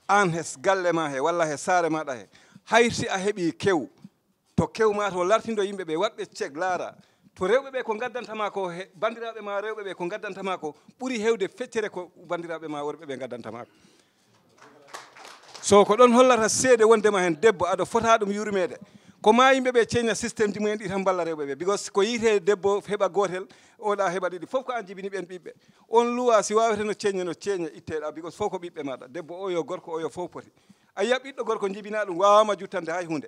an hes galle ma he walla he saare maɗa he haysi a heeɓi kew to kew ma to lartindo yimɓe ɓe watɓe ceg laara to rewɓe ɓee ko ngaddantama ko banndiraaɓe ma rewɓe ɓee ko ngaddantama ko ɓuri heewde feccere ko banndiraaɓe ma worɓe ɓee ngaddantama ko so ko ɗon hollata seede wondema heen debbo aɗa fota ɗum yurmeede ko ma yimɓe ɓee ceeña systéme ji mumen ɗi tan mballa rewɓe ɓee because ko yiite debbo heɓa gootel oɗa heɓa ɗiɗi fof ko an jibini ɓeen ɓiɓɓe on luwa si wawete no ceeña no ceeña itteɗa because fof ko ɓiɓɓe maɗa debbo o yo gorko o yo fof poti a yiya ɓiɗɗo gorko jibina ɗum wawama juttande hay hunde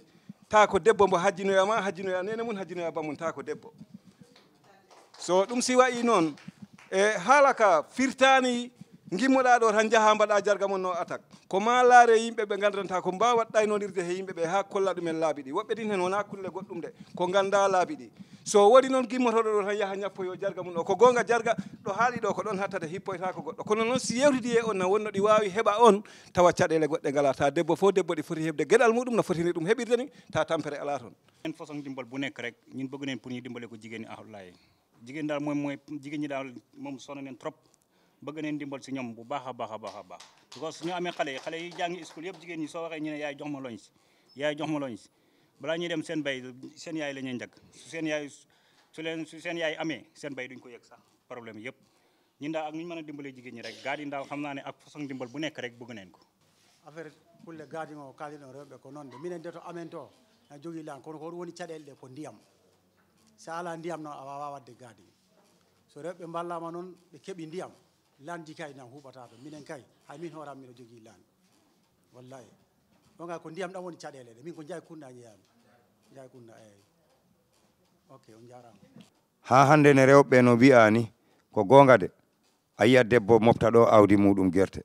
ta ko debbo mbo hajjinoya ma hajjinoya nene mum hajjinoya ba mum ko debbo so ɗum si wayi noon e haala ka firtani gimmoɗa do tan jaha mbaɗa jarga mon no attaque ko ma laare yimɓe ɓe gandanta ko mbawa ɗaynodirde he yimɓe be ha kolla ɗumen laabi ɗi woɓɓe tin hen wona kulle goɗɗum de ko ganda laabi ɗi so woni noon gimmotoɗo ɗo tan yaha ñappoyo jarga mum ko gonga jarga do haali do ko ɗon hattata hippoytako goɗɗo kono non si yewtidi e on na wonno ɗi wawi heba on tawa caɗele goɗɗe ngala ta debbo fof debbo ɗi foti heɓde mudum na no fotini ɗum ni ta tampere ala en façon dimbal bu nekk rek ñun bëgg neen pour ñu dimbale ko jigéen ñi ahullahi jigéen daal moom ñi trop bëgg neen dimbal si ñoom bu baax a baax a baax a baax amee xale yi xale yi jàngi school yëpp jigéen ñi soo waxee ñu ne yaay jox ma loñ yaay jox ma loñ si balaa ñuy dem seen bay seen yaay la ñuy njëkk su seen yaay su leen su seen yaay amee seen bay duñ ko yëg sax problème yëpp ñun daal ak ñu mën a dimbalee jigéen ñi rek gaadi daal xam naa ne ak façon dimbal bu nekk rek bëgg neen ko affaire pulle gaadi o kaalino rewɓe ko noon de minen de to amen to na jogii lan kono ko ɗum woni caɗeele ɗe ko ndiyam so alaa ndiyam a waawaa waɗde gaadi so rewɓe landi kay nam huɓataɓe minen kay hay min hooram mino jogii laandi wallayi onga ko ndiyam ɗam woni caɗele ɗe min ko jaye kunna jeyami jaye kunna eyyi eh. ok on jarama ha hande ne rewɓe no wiya ko gonga de a yiya debbo mofta ɗo awdi muɗum guerte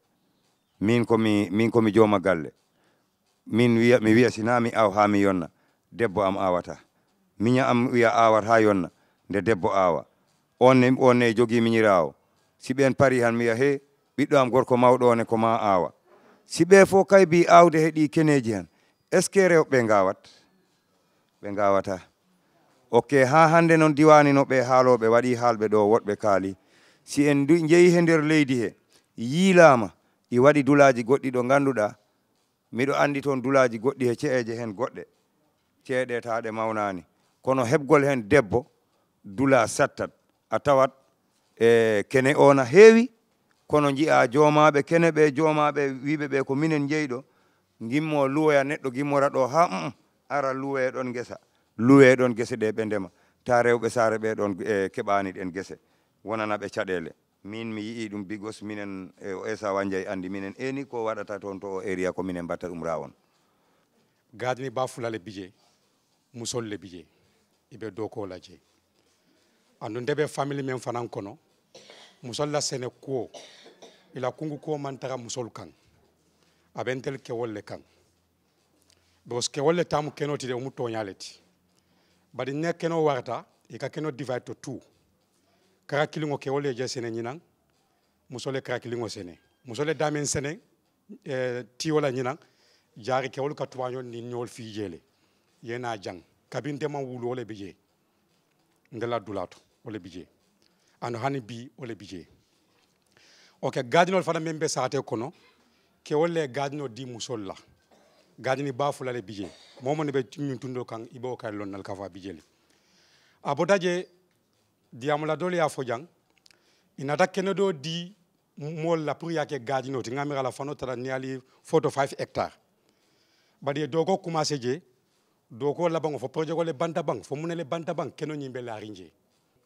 min komi min komi jooma galle min wiya mi wiya sina mi aw ha mi yonna debbo am awata miña am wiya awat ha yonna nde debbo awa on ne on ne jogii miñira si ɓen pari han mbiya he ɓiɗɗo am gorko mawɗo one koma aawa si ɓe fof kay mbi aawde heɗi keneji han est ce que rew ɓe ngawat ɓe ngawata ok ha hannde noon diwanino ɓe haaloɓe waɗi haalɓe ɗo woɗɓe kaali si en jeeyi he nder leydi he yiilama ɗi waɗi dulaji goɗɗi ɗo ngannduɗa miɗo anndi toon dulaji goɗɗi he ceeje hen goɗɗe ceeɗe taɗe mawnani kono heɓgol hen debbo dula sattat a tawat e kene ona na heewi kono jiya joomaɓe kene ɓe joomaɓe wiɓe ɓe ko minen jeyɗo gimmo luwoya neɗɗo gimmora ɗo ha mm, ara luwoye ɗon gesa luwoye gese ɗe ɓe ndema ta rewɓe saare ɓe ɗon e keɓani ɗen gese wonana ɓe caɗele min mi yii ɗum bigos minen e esa wanjay andi minen eni ko waɗata toon to o area ko minen mbatta ɗum rawon gadini bafulale bije musolle bije iɓe dow ko laje andu ndeɓe famille men fanan kono musol la sɛnɛ kuwo i kungu kuo man taga musolu kan a bɛ n teli kɛwol le kan because le taamu kɛnɛ ti de mu tɔɲa bari ne keno warata i ka kɛnɛ divide to two kara kiliŋo kɛwol le jɛ sɛnɛ ɲinan muso le kara kiliŋo sɛnɛ muso le damin sɛnɛ eh, tiyo la ɲinan jaari kɛwol ka tubaɲo ni ɲol fi je le ye na ma kabin dema wulu wo le bi dulato wo le ano hani bi ole bije jee o ke fana meŋ be saate kono ke wolle gadino di musolla la gadini baa le bije momo ne be ñun tundo kan ibo be ka le a bota je diyamula dolu ye a fo jaŋ di mol la pour yake ke gadino ti ngamira la fano tara ni ali photo 5 hectare badi ye dooko commencé je dooko labaŋo fo projet ko le banta baŋ fo munele le banta baŋ keno ñiŋ be laariŋ jee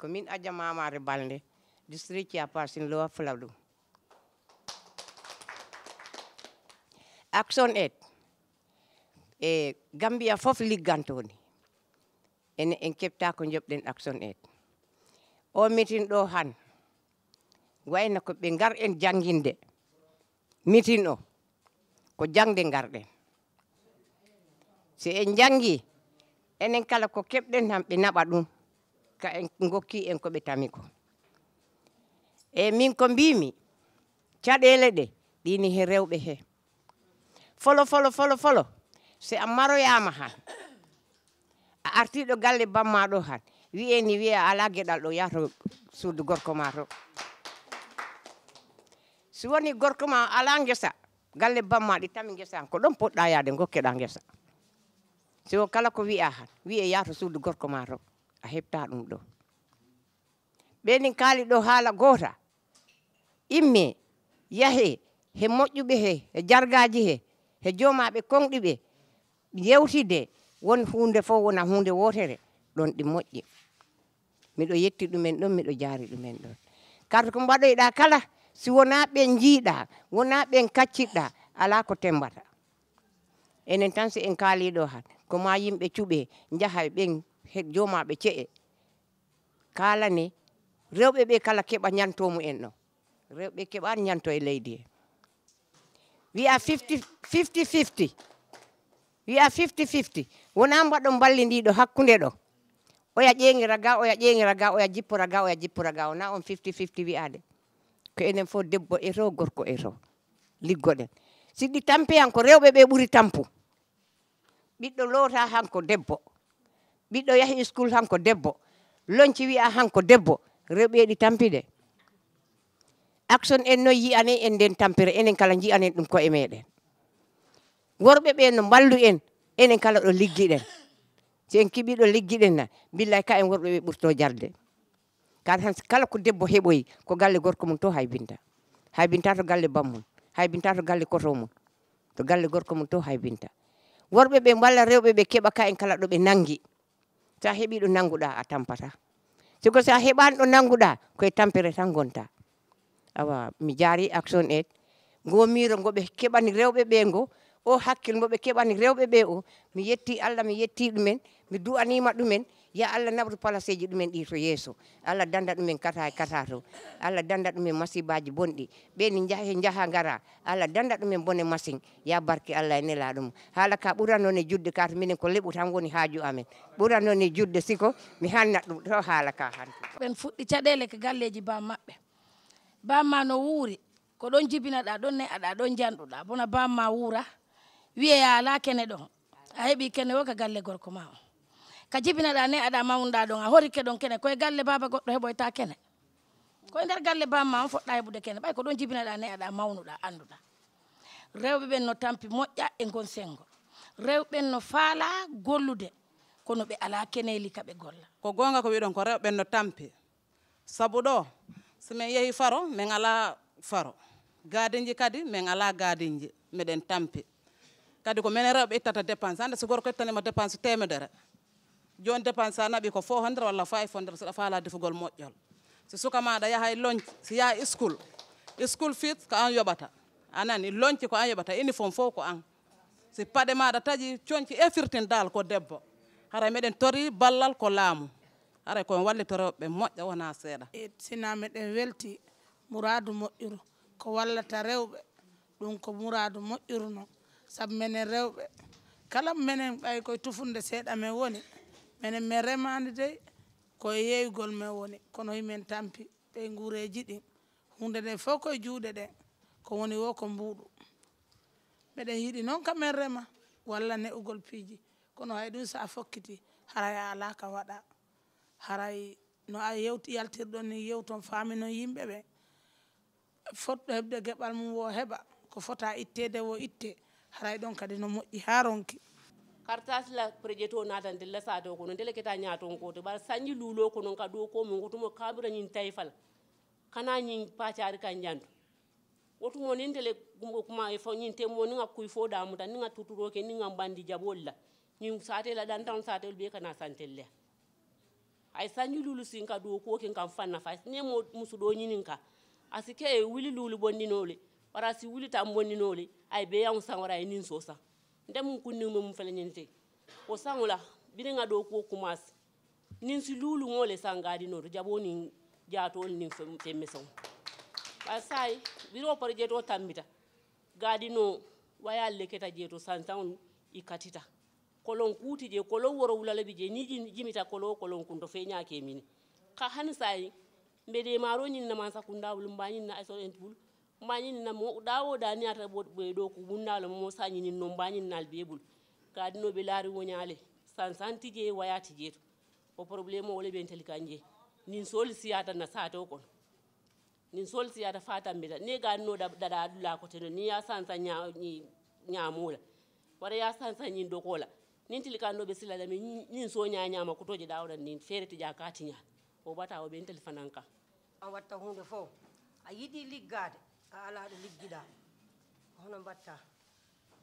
commune Adjamamare Balde, district apa in lo Flalu. Action 8. E Gambia fof ligantoni En en kepta ko jobden action 8. O mitin do han wayna ko be ngar en janginde mitin o ko jangde ngarɗen se en jangi enen kala ko kepden han naba dum ka en gokki en ko be tammi ko e min ko mbimi caɗele de dini he rewbe he folo folo folo folo so a maroyama han arti do galle bamma do han wi ni wi a ala gueɗal ɗo yahto suudu gorko ma to woni gorko ma ala ngesa galle bamma di tammi ngesa ko don podda yaade da ngesa so kala ko ha wi e yahto suudu gorko ma a hepta ɗum ɗo ɓenin kaali ɗo haala goota imme yahe he moƴƴuɓe he e jargaji he he be yewti yewtide won hunde fo wona hunde wotere ɗon ɗi moƴƴi miɗo yetti ɗumen ɗon miɗo jaari ɗumen ɗon kadi ko mbaɗoyɗa kala si wona be jiiɗa wona ɓen kacciɗɗa ala ko tembata enen tan si en do han ko ma yimɓe cuɓe jaha ɓen he joomaɓe ce'e kalani rewɓe ɓe kala keɓa ñantomu en ɗo rewɓe keɓani ñanto e leydi he we are 50 50 50 we are 50 50 wona mbaɗo ballidiɗo hakkunde ɗo oya ƴeŋira ga oya ƴeŋira ga oya jippora ga oya jippora ga wona on 50 50 wi'ade ko enen fo debbo e to gorko e to liggoɗen si ɗi tampi han ko rewɓe ɓe ɓuri tampu ɓiɗɗo loota hanko debbo ɓiɗɗo yahi school hanko debbo lonci wiya hanko debbo rewɓe ɗi tampide action en noon yi'ani en nden tampere enen kala jiyanen ɗum koye meɗen worɓe ɓe no mballu en enen kala ɗo liggiɗen si en kiɓiɗo liggiɗen na billay ka en worɓe ɓe ɓurto jarde kadi han kala ko debbo heɓoyi ko galle gorko mum to haybinta haybinta to galle bammum haybinta to galle koto mum to galle gorko mum to haybinta worɓe ɓe mballa rewɓe ɓe keɓa ka en kala ɗo ɓe nangi sa heɓi ɗo nanguɗa a tampata siko sa heɓani ɗo nanguɗa koye tampere tan gonta awa mi jaari action aid ngo miiro keɓani rewɓe ɓe ngo o hakkille moɓe keɓani rewɓe ɓe o mi yetti allah mi yetti ɗumen mi du'anima ɗumen ya allah nabru palaceji ɗumen ɗi to yeeso allah danda ɗumen kata e kata to allah danda ɗumen masibaji bonɗi ɓeni jahe jaaha gara allah danda ɗumen bone masin ya barke allah e nela ɗum haala ka ɓurannoon judde ka minen ko leɓu tan woni haaju amen ɓurannoon judde siko mi hannat ɗum to haala ka han ɓen fuɗɗi caɗele ko galleji ba maɓɓe bamma no wuuri ko ɗon jibinaɗa ɗon ne aɗa ɗon janɗuɗa bona bamma wuura ya ala kene ɗon a heeɓi kene o ka galle gorko ma o ka jibinaɗa ne aɗa mawnuɗa ɗon a horike ɗon kene koye galle baba goɗɗo heɓoyta kene koye nder galle ma on foɗɗa heɓude kene ɓay ko ɗon jibinaɗa ne aɗa mawnuɗa annduɗa rewɓe ɓen no tampi moƴƴa e gon sengo rewɓe ɓen no faala gollude kono ɓe ala keneli ka ɓe golla ko gonga ko wiɗon ko rewɓe ɓen no tampi sabu ɗo so min yeehi faro min ala faro gadinji kadi min ala gadinji miɗen tampi kadi ko minen rewɓe ittata dépense hannde so gorko ittanima dépense temedere joni dépense sa naɓi ko fo hondere walla fayi fo nder saɗa faala defugol moƴƴol so suka maɗa yaha e lonc so yaha e school e school fit ko an yoɓata anani lonci ko an yoɓata uniforme fof ko an si paɗe maɗa taƴi coñci effirtin dal ko debbo haray meɗen tori ballal ko laamu haray koyen wallito wallitorewɓe moƴƴa wona seeɗa e sina meɗen welti muradu moƴƴuru ko wallata rewɓe ɗum ko muradu moƴƴuru noon sabu minen rewɓe kala minen ɓay koye tufunde seeɗa men woni minen min remaande dey koye yeeygol men woni kono himin tampi ɓe nguureeji ɗin hunde nde fof koye juuɗe ɗen ko woni wo ko mbuuɗu miɗen yiɗi noon ka min rema walla ne'ugol piiji kono hay ɗum so a fokkiti haray a alaa ka waɗa haray no a yewti yaltirɗon ni yew toon faami noon yimɓe ɓe fotɗo heɓde geɓal mum wo heɓa ko fota itteede wo ittee haray don kadi no moƴƴi ha ronki kartas la prejeto natan de la ko kono de keta leketa ko to bar sanji lulo kono ka ɗo ko mo gotumo kabira ñin tayfal kana ñin pacari kan jantu wotumo nin tele kuma fo ñin temo ni ga kuy fo damuta ni ro ke ni ga bandi jabol la ñin sate la dan tan satel be kana santel le ay sanji lulu sin ka ko ke kan fanna fa mo nemo musuɗo ñinin ka asike e wili lulu bonni bondinole warasi wuli ta bonninole ay be yan sangora ay nin so san nte mun kunni me mun fele ñinte o sango la nga do ko kumasi nin si lulu ngole sangadi no jabo ni jatol ni femme son basai biro par jeto tambita gadi no waya leketa jeto santan ikatita kolon kuti je kolon woro wulala bi je ni jimita kolo kolon kunto fe nya ke mini ka han sai mbede maro nyin na man sakunda wulum ba nyin na aso entbul ma ñin na mo dawo dani ata bo be do ku bunna mo sa ñin no mba ñin nal bebul ka dino be laari wonyale san san tije waya tije o problème o le ben tel kanje nin sol siyata na sa to kon nin sol siyata fata mbita ne ga no da da dula ko teno ni ya san san nya ni nya mola wara ya san san ñin do kola nin tel kan no be sila mi nin so nya nya ma ko toje dawo dan nin fere tija katinya o bata o ben tel fananka a watta hunde fo a yidi liggade a ala ɗo liggiɗa hono mbatta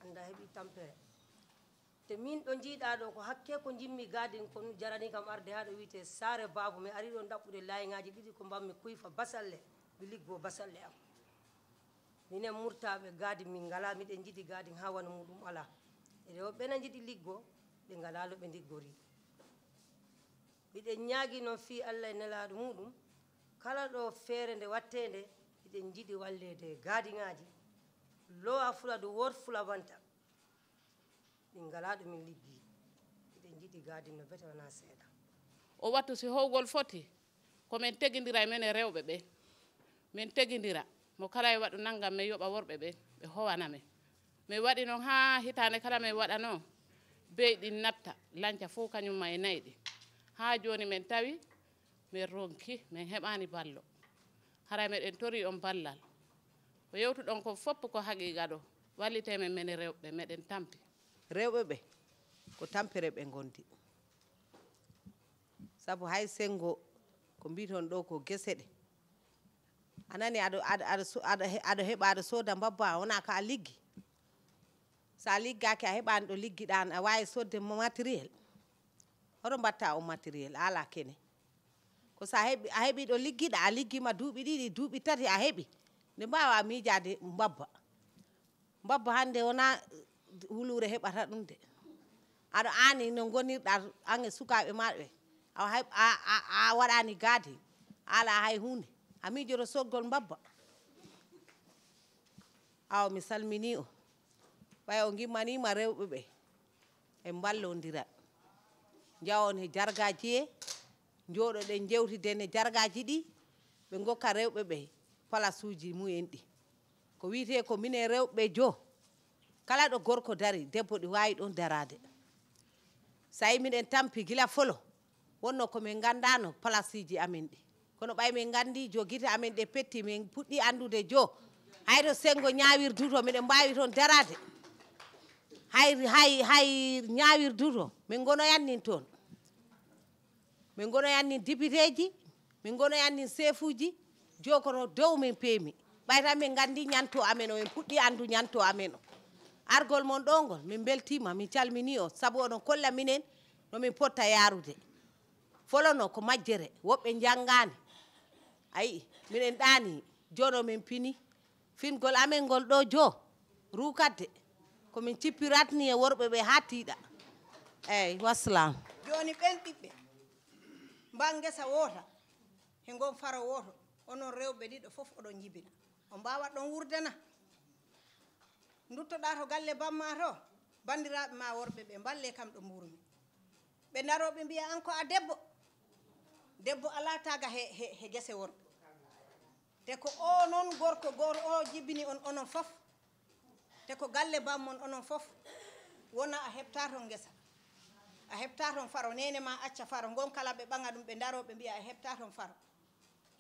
anda heeɓi tampere te min ɗo jiiɗa ɗo ko hakke ko jimmi gadin ko jarani kam arde ha ɗo wiyete saare baabo mi ari ɗo ɗaɓɓude layigaji ɗiɗi ko mbammi kuyfa basalle mi liggo basalle am minen murtaɓe gadi min ngala miɗen jiɗi gadin ha wanu muɗum ala erewo ɓena jiɗi liggo ɓe ngalalo ɓe ndiggori miɗen ñaagui noon fi allah e nelaɗo muɗum kala ɗo feere nde wattede iɗen jiɗi walleede gaadiŋaaji lowa fula du wor fula wanta ɗin ngalaa ɗumin liggi iɗen jiɗi gaadi no bete wona seeɗa o wattu si howgol foti komin tegidira e mene rewɓe ɓee min tegidira mo kala e waɗu nanngam min yoɓa worɓe ɓee ɓe howana min min waɗi noon haa hitaande kala min waɗanoo bey ɗin natta lanca fof kañumma e nayi ɗi haa jooni min tawi min ronki min heɓaani ballo hara meɗen tori on ballal ko yewtuɗon ko fopp ko haqiqa ɗo wallite men mene rewɓe meɗen tampi rewɓe ɓe ko tampere ɓe gondi saabu hay sengo ko mbiton ɗo ko guese ɗe anani aɗa aɗa aɗa aɗa heeɓa aɗa sooda mbabba wona ka a liggi sa liggaki a heɓani ɗo liggiɗan a wawi sodde matériel hoto mbatta on matériel ala kene ko so heɓi a heɓi ɗo liggiɗa a liggima duuɓi ɗiɗi duuɓi tati a heɓi nde mbawa miijade mbabba mbabba hannde wona eh, hulure heɓata ɗum de aɗa aani no gonirɗa ane sukaɓe maɓe a waɗani gaade ala hay hunde a miijoto soggol mbabba awa mi salmini o ɓay o gimmanima rewɓe ɓe en mballodira jawon he jarga jeye njoɗo ɗe jewtide ne jargaji ɗi ɓe gokka rewɓe ɓe place uji mumen ɗi ko wiite ko mine rewɓe jo kala ɗo gorko dari debbo ɗi wawi ɗon darade sa yi miɗen tampi gila folo wonno komin gandano place uji amin ɗi kono ɓay min gandi jo guite amin ɗe petti min puɗɗi andude jo hayto sengo ñawirduto miɗen mbawi toon darade hay hay hay ñawirduto min gonoyannin toon min député ji min gonoyannin uji jokoro dow min peemi ɓayta min gandi ñanto amen o min puɗɗi andu ñanto amen o argol mon ɗongol min beltima min calmini o saabu ono kolla minen nomin potta yarude folono ko majjere woɓɓe janggani ayi minen ɗani jono min pini fingol amen gol ɗo jo rukadde komin cippiratni e worɓe ɓe ha tiiɗa eyyi wassalam joni ɓen mbangesa woota he ngon faro wooto onon rewɓe ɗiɗo fof oɗon jibina o mbawat ɗon wurdana duttoɗa to galle bamma to bandiraɓe ma worɓe ɓe balle kam ɗo mburmi ɓe naroɓe mbiya an ko a debbo debbo ala taga he, he, he gese worɓe te ko o noon gorko goto o jibini on onon fof te ko galle bammon onon fof wona a heptato gesa a hefta toon faro nene ma acca faro gon kala ɓe ɓaga ɗum ɓe daro ɓe mbiya a hefta toon faro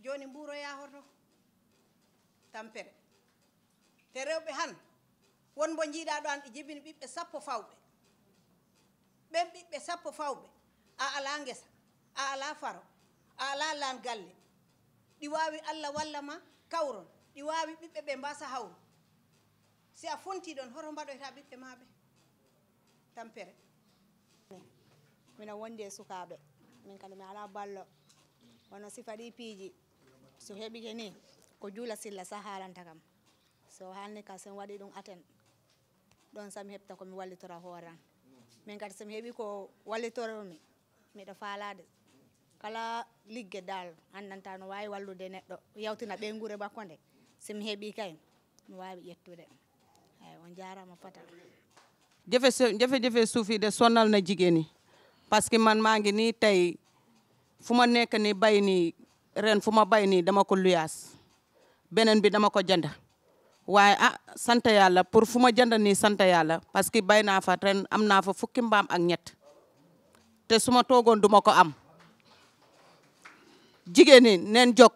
joni mburo yahoto tampere te rewɓe han wonbo jiiɗa ɗo an ɗi jibini ɓiɓɓe sappo fawɓe ɓen ɓiɓɓe sappo fawɓe a ala gesa a ala faro a ala lan galle ɗi wawi allah walla ma kawron ɗi wawi ɓiɓɓe ɓe mbasa hawru si a funti ɗon horo mbaɗoyta ɓiɓɓe maɓe tampere mina wondi sukaɓe min kadi mi ala ballo wono sifa faɗi piiji so heɓike ni ko juula silla sa haalanta kam so hanni ka sen waɗi ɗum aten ɗon sami heɓta komi wallitora hoore an min kadi somi heeɓi ko wallitoromi miɗa faalade kala ligge dal andanta no wawi wallude neɗɗo yawtina ɓe guure makko nde somi heeɓi kay mi wawi ƴettude eyi on jarama pata jefe jefe jafe de sonnal no jigeni parce que man maa ngi nii tey fu ma nekk nii bay nii ren fu ma bay nii dama ko luyaas beneen bi dama ko jënd waaye a ah, sant yàlla pour fu ma jënd nii sant yàlla parce que bay naa fa ren am naa fa fukki mbaam ak ñett te su ma toogoon duma ko am jigéen neen jog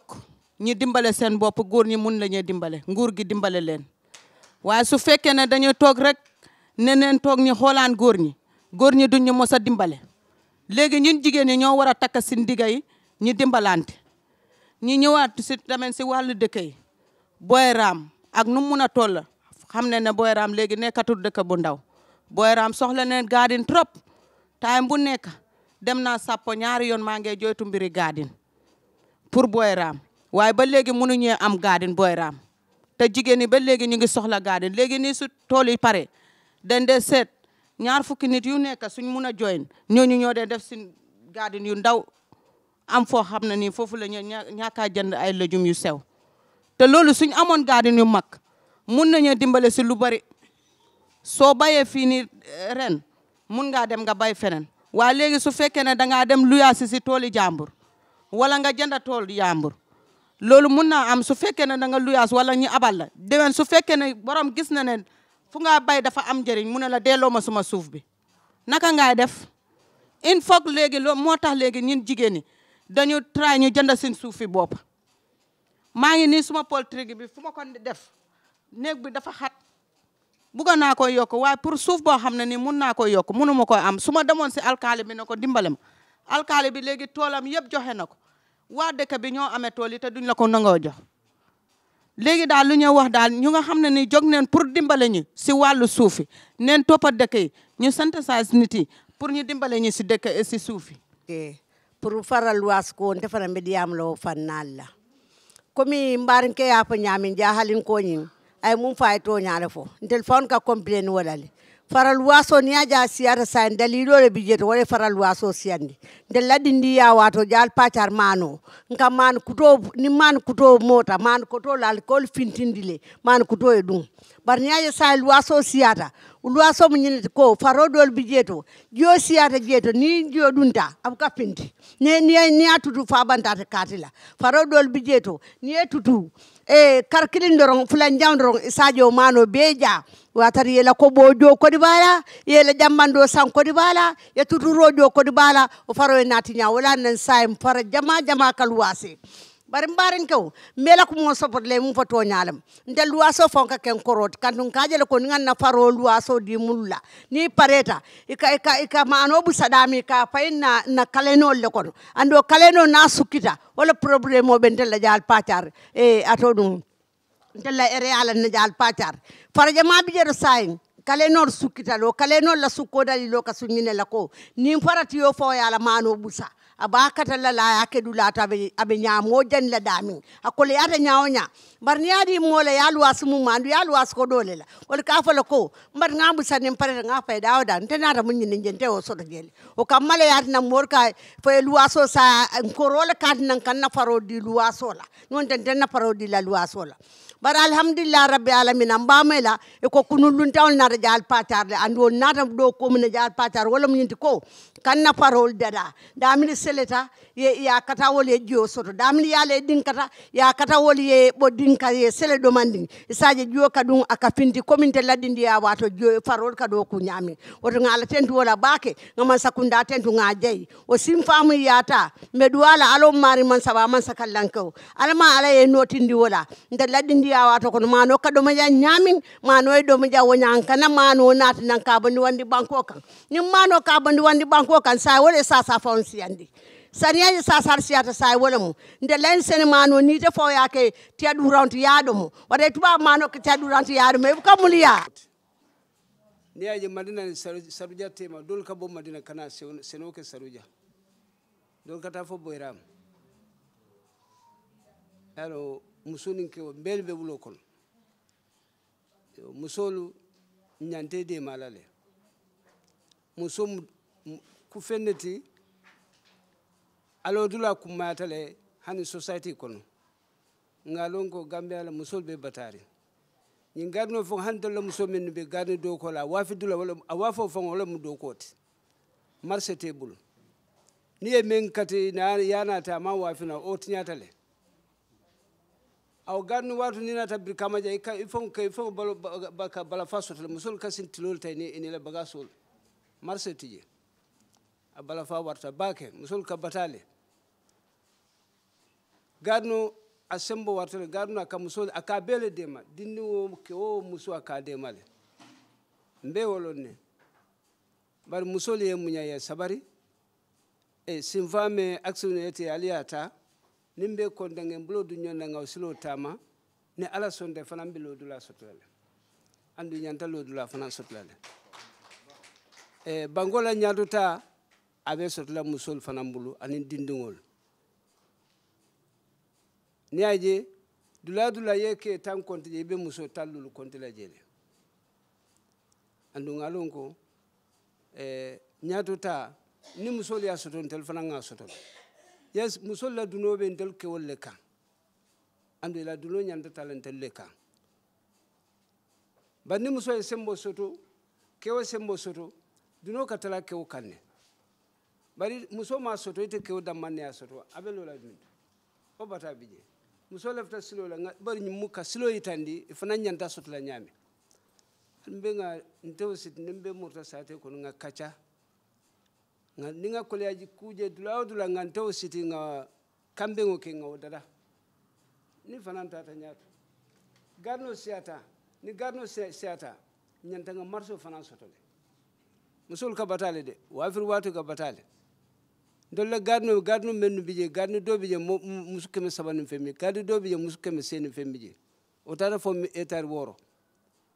ñi dimbale seen bopp góor ñi mun la ñuy dimbale nguur gi dimbale leen waaye su fekkee ne dañuy toog rek ne neen toog ñi xoolaan góor ñi góor ñi duñ ñu mos a dimbale léegi ñun jigéen ñi ñoo war a takk si ndiga yi ñu dimbalante ñu ñëwaat si tamit si wàllu dëkk yi booy raam ak nu mun a toll xam ne ne booy raam léegi nekkatul dëkk bu ndaw booy raam soxla ne gaadin trop time bu nekk dem naa sàppo ñaari yoon maa ngi jooytu mbiri gaadin pour booy raam waaye ba léegi mënuñu am gaadin booy raam te jigéen ñi ba léegi ñu ngi soxla gaadin léegi nii su tool yi pare dañ dee ñaar fukki nit yu nekk suñ mun a ñoo ñu ñoo dee def suñ garden yu ndaw am foo xam ne nii foofu la ñu ñàkkaa jënd ay légumes yu sew te loolu suñ amoon garden yu mag mun nañu dimbale si lu bari soo bayee fii nii eh, ren mun ngaa dem nga bay feneen waa léegi su fekkee ne dangaa dem luyaasi si tooli jàmbur wala nga jënd tool jàmbur loolu mun naa am su fekkee ne da nga luyaas wala ñu abal la déwén su fekkee ne borom gis na ne fu nga bay dafa am njëriñ mu ne la delloo ma suma suuf bi naka ngay def il faut léegi loo moo tax léegi ñun jigéen ñi dañu try ñu jënd seen suuf fi bopp maa ngi nii suma poultry bi fu ma ko def néeg bi dafa xat buggoon naa ko yokk waaye pour suuf boo xam ne nii mun naa ko yokk munu ma ko am su ma demoon si alkaali bi ne ko dimbale ma alkaali bi léegi toolam yëpp joxe na ko waa dëkk bi ñoo amee tool yi te duñ la ko nangoo jox léegi daal lu ñu wax daal ñu nga xam ne ni jog neen pour dimbale ñu si wàllu suufi neen toppat dëkk yi ñu sant saa nit yi pour ñu dimbale ñu si dëkk si suufi pour faral wasko nte fana mbe diyam lo fanal la comme mbarin ke yafa ñamin jahalin ñin ay mu fay to ñaale fo ntel fon ka complain walali faralwaso ni aja siyata sayin dalilo le bijeto wale faralwaso siyandi della dindi ya wato jal pachar mano nka man kuto ni man kuto mota man kuto lal kol fintindile man kuto e bar ni aja sa lwaso siyata lwaso mu ko ko farodol bijeto jo siyata jeto ni jo dunta am ka finti ni ni ni atutu fabanta katila farodol bijeto ni tutu e kar kilindo fulan fulanjan ron sadio mano beja watari yela koɓojo kodi bala yela jambando san kodi bala ye tuturojo kodi bala o faro e naati wala nan sayen fara jama jama kalwase bari mbarin kew mela mo sopot le mum foto nyalam nde luwaso fonka ken korot kandun le ko ngan na faro luwaso di mulla ni pareta ika ika ika maano bu sadami ka fayin na na kaleno le kono ando kaleno na sukita wala problemo be ndella jal patar e ato dum la ere ala na jal patar faraja ma bi jero sayin kalenor sukkita lo kalenor la sukkodali lo ka suñine la ko ni farati yo fo yala maano busa abakatalla la yake dulata abe abe nyamoja ni ladamin akole yata nyaonya bar ni adi mole ya luas mu mandu ya luas ko dole la wal ka fa ko mbar ngamu sanin pare nga fa dawo da tana da mun nin jente o so gele o kamale yata na mor ka fa luwaso sa korola kati nan kan na di luwaso la non tan tan di la luwaso la bara alhamdulillah rabbi alamina mbamela e ko kunullun nata jaal patarle andi won nata ɗo komune jaal patar walla mo ñinti ko kanna parole dada damine seleta ye ya katawol ye jiyo soto damni yala din kata ya katawol ye bo din ka ye sele domandi isaje jiyo kadum aka pindi kominte laddi ndi ya wato jiyo farol kado ku nyami woto ngala tentu wala bake ngama sakunda tentu ngajeyi o sim famu yata me alo mari man saba man sakallanko alama ala ye notindi wala nda laddi ndi ya wato kono mano kado ma ya nyamin mano do ma ja wonyan kana mano nati nan ka bandi wandi banko kan nim mano ka bandi wandi banko kan sa wole sa sa fawnsi yandi sariyaji sasar siyata sai wala nde len sene mano ni de fo yake tiya duranti do mu wada tuba mano ke tiya duranti yaado me ko muliya ni aje madina saruja tema dol ka bo madina kana seno ke saruja dol ka ta fo boyram alo musunin ke belbe wulo musolu nyante de malale musum ku fenneti alo dula kummayata le hani society kono ngalongo gambia la musol be batari ni ngarno fo hande la muso men be garni do ko la wafi dula wala awafo fo wala mu do koti marché table ni e men kati na yana ta ma wafi na o tinyata le aw garno watu ni na tabir kama jay ka fo ka fo bala bala, bala faso le musol kasin tilol tay ni ni la bagasol marché tije abala fa warta bake musol ka batale gadno a sembo wartore gadno aka bele dema dinni wo ke wo muso aka dema mbe wolonne bari musol ye muña ye sabari e sinfa me yete aliyata nin be kondange bulo du ñonda ngaw tama ne ala sonde fana mbi lodula sotolale andu ñanta lodula fana sotolale e bangola ñaatuta abe sotola musol fana mbulu anin dindiŋol ni a dula dula yeke tan konti je be muso tallulu konti la je andu anduŋa loŋ ko eh, ñaato ni muso ya soton tel fana nga soton yes muso la dunoo be ndel ke wolle kaŋ andu la dunoo ñantata la ntelu le kaŋ bari ni muso e sembo soto ke wo sembo soto dunoo ka tala kewo kaŋ ne bari muso ma soto ite ke wo damanne ya soto a be loo la dunto wo bata bije muso lafita silo la nga bari nyimu ka silo itandi ifana nyanta sotla nyame mbe nga ntewo sit nimbe murta sate kono nga kacha nga ninga koleji kuje dulawo dula nga ntewo sit nga kambe ngoke nga odara ni fana ta nyata garno siata ni garno siata nyanta nga marso fana sotole musul ka batale de wafir watu ka batale dolla gadno gadno mennu bije gadno do bije musuke me sabanin femi gadno do bije musuke me seni femi je o tara fo etar woro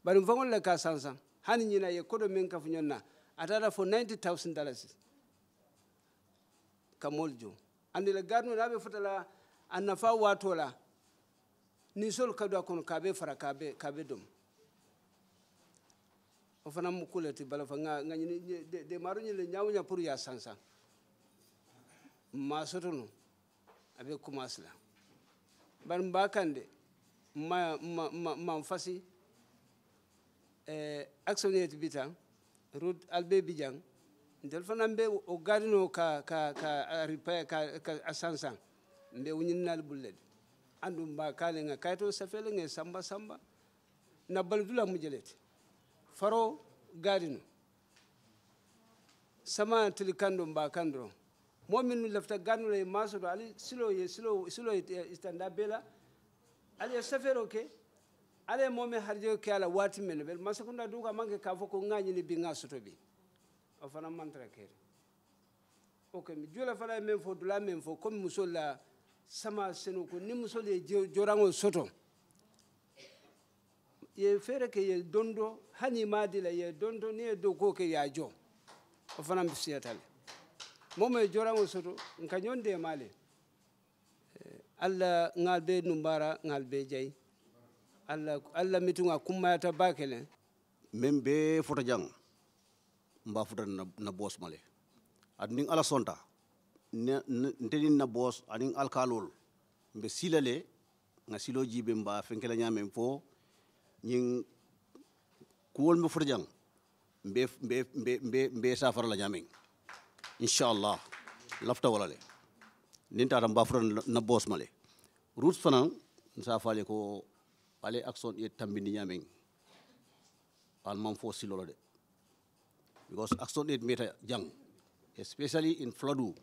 bari fangol le ka sansan hani nyina ye kodo men kafu nyonna atara fo 90000 dollars kamoljo andi le gadno fotala futala annafa watola ni sol kono ka be fara ka be dum o fana mukule bala fanga ngani de, de marunyele nyawunya pur ya sansan ma sotono avec commence la ban mbakande ma ma mam fasi eh, actionnaire ti bitan rod albe bidiang ndel fana mbe o gadino ka ka ka ripa ka ka asansan mbe wuninal bullede andu mba kale nga kayto safele nga samba samba na baldula mujelet faro gadino sama tilikando mba kandro momin lafta ganu le maso do ali silo ye silo silo istanda bela ali safero ke ale mo harjo ke ala wati men bel masakunda duka manke ka fo ko ngani ni binga ngaso bi ofana mantra ke o mi jula fana men fo dula men fo comme musolla sama seno ko ni muso le jorango soto ye fere ke ye dondo hani madila ye dondo ni ye doko ke ya jo ofana fana momo e jorango soto kañon de maale allah ngal be numbara ngal be jayi allah allah mitunga kummayata bakele min be foto jang mba futan na, na boss male adnin ala sonta ntenin na boos al alkalol mbe silale nga silo jibe mba la ñamen fo ning kuol mbe foto jang mbe mbe mbe mbe safara la ñamen inchallah lafta wala le nin tata mbafura na boss male route fana sa fale ko ale action ye tambini nyamen al mam fo silo de because action ye meta jang especially in flodu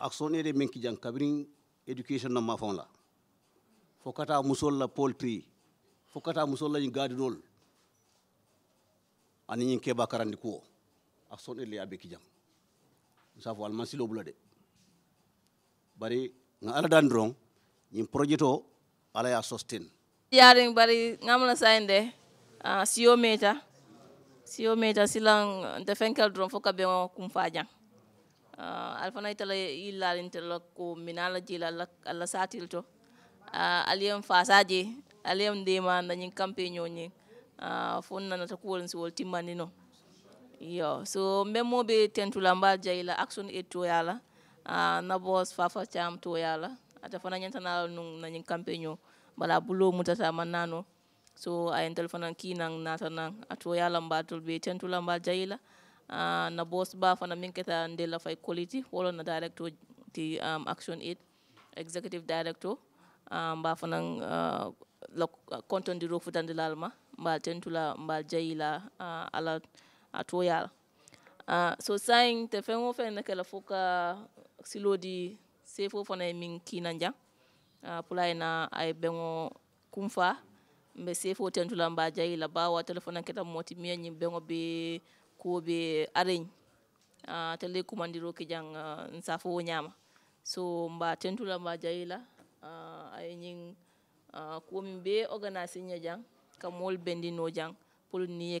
action ye de menki jang kabiri education na mafon la fokata musol la poultry fokata musol la gadi dol ani nyin ke bakarandi ko action ye le abeki jang sa safo almasilo bula de bari nga ala dan dron ñin projet o ala ya sustain yaring bari ngamla sayende uh, siyo meta siyo meta silang defenkel dron fo kabe kum fajan uh, alfana itala yillarintel ko minala jila alla satil to uh, aliyem fasaji aliyem ndema dañin campagne o ñin uh, fonnanata kuwol siwol timmandi noon yo so memo be tentula mbal jayla action e to yala uh, na boss fafa cham to yala ata fana nyanta na nun na nyin campaign bala bulo mutata manano so a en telefona kinan nata nan ato yala mbatul be tentula mbal jayla uh, ah, na boss ba fana min keta ndela fay quality wolo na director ti um, action aid executive director um, ah, ba fana uh, la konton di rofu dandilal ma mbal tentula mbal jayla uh, ala a to yala uh, so sayin te feŋ wo feŋ ne ke la fo ka silo di na fana e ye na nja jaŋ uh, pula e na a ye beŋo mbe se fo tentu la mba jayi la bawa telefona keta moti miya ñiŋ beŋo be kuwo be areñ uh, ah, tele kumandiro ke jang uh, ah, nsafo fo ñaama so mba tentu la mba jayi la uh, a ye uh, kuwo miŋ be organise ña jaŋ ka moolu jang jaŋ polu niŋ ye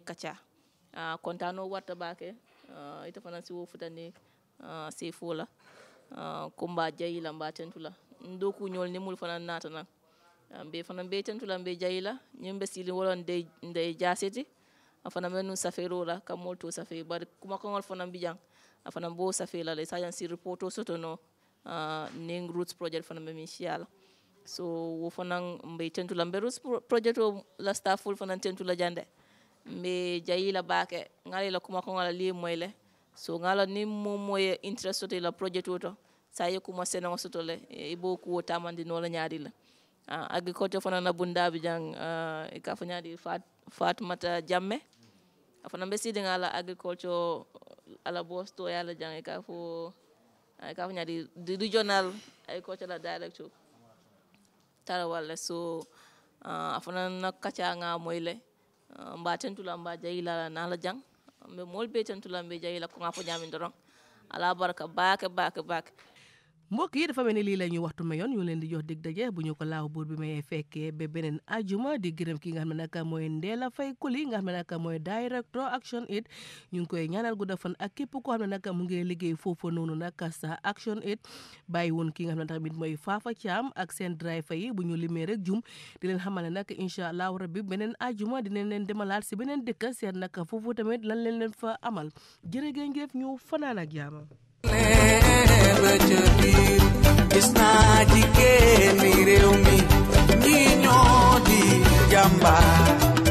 uh, kontano warta bake uh, ah, ita fana si wo futani uh, ah, se fola uh, kumba jayila mba tentula ndoku nyol ni mul fana nata na mbe fana mbe tentula mbe jayila ñimbe sili wolon nde, nde jaseti afana menu safero la kamol to safe bar kuma kongol fana mbijang afana bo safe la le sajan si reporto soto no uh, ning roots project fana mbe mishiala so wofana mbe tentula mbe roots project o la staff fana tentula jande mbe jayila baake ngala la kuma ko ngala li moy le so ngala ni mo moy interest to la projet to sa yeku mo sene ngoso to le e, e bo ku ta mandi no la nyaari la ah agi ko to fana na bunda bi jang e ka fa nyaari fat fat mata jamme afana mbesi de ngala agriculture ala bo sto ya la jang e ka fo e ka fa nyaari di regional agriculture la director tarawale so afana na kacha nga moy le mba tentula eh, mba jayila nala jang mbe mol be tentula mbe jayila ko ngafo nyamin dorong ala baraka mbokk yi dafa mel ni lii la ñuy waxtu mayoon ñu leen di jox dig daje bu ñu ko laaw buur bi mayee fekkee ba beneen ajuma di gërëm ki nga xam ne nag mooy Ndéla Fay Kuli nga xam ne nag mooy directeur Action Aid ñu ngi koy ñaanal gu fan ak képp koo xam ne nag mu ngi liggéey foofa noonu nag sa Action Aid bàyyi woon ki nga xam ne tamit mooy Fafa Thiam ak seen driver yi bu ñu limee rek jum di leen xamal ne nag incha allah rabbi beneen ajuma dinañ leen demalaat si beneen dëkk seen nag foofu tamit lan leen leen fa amal jërëgéen jëf ñu fanaan ak jaama Isnadi ke mireu mi, ninyo di jamba.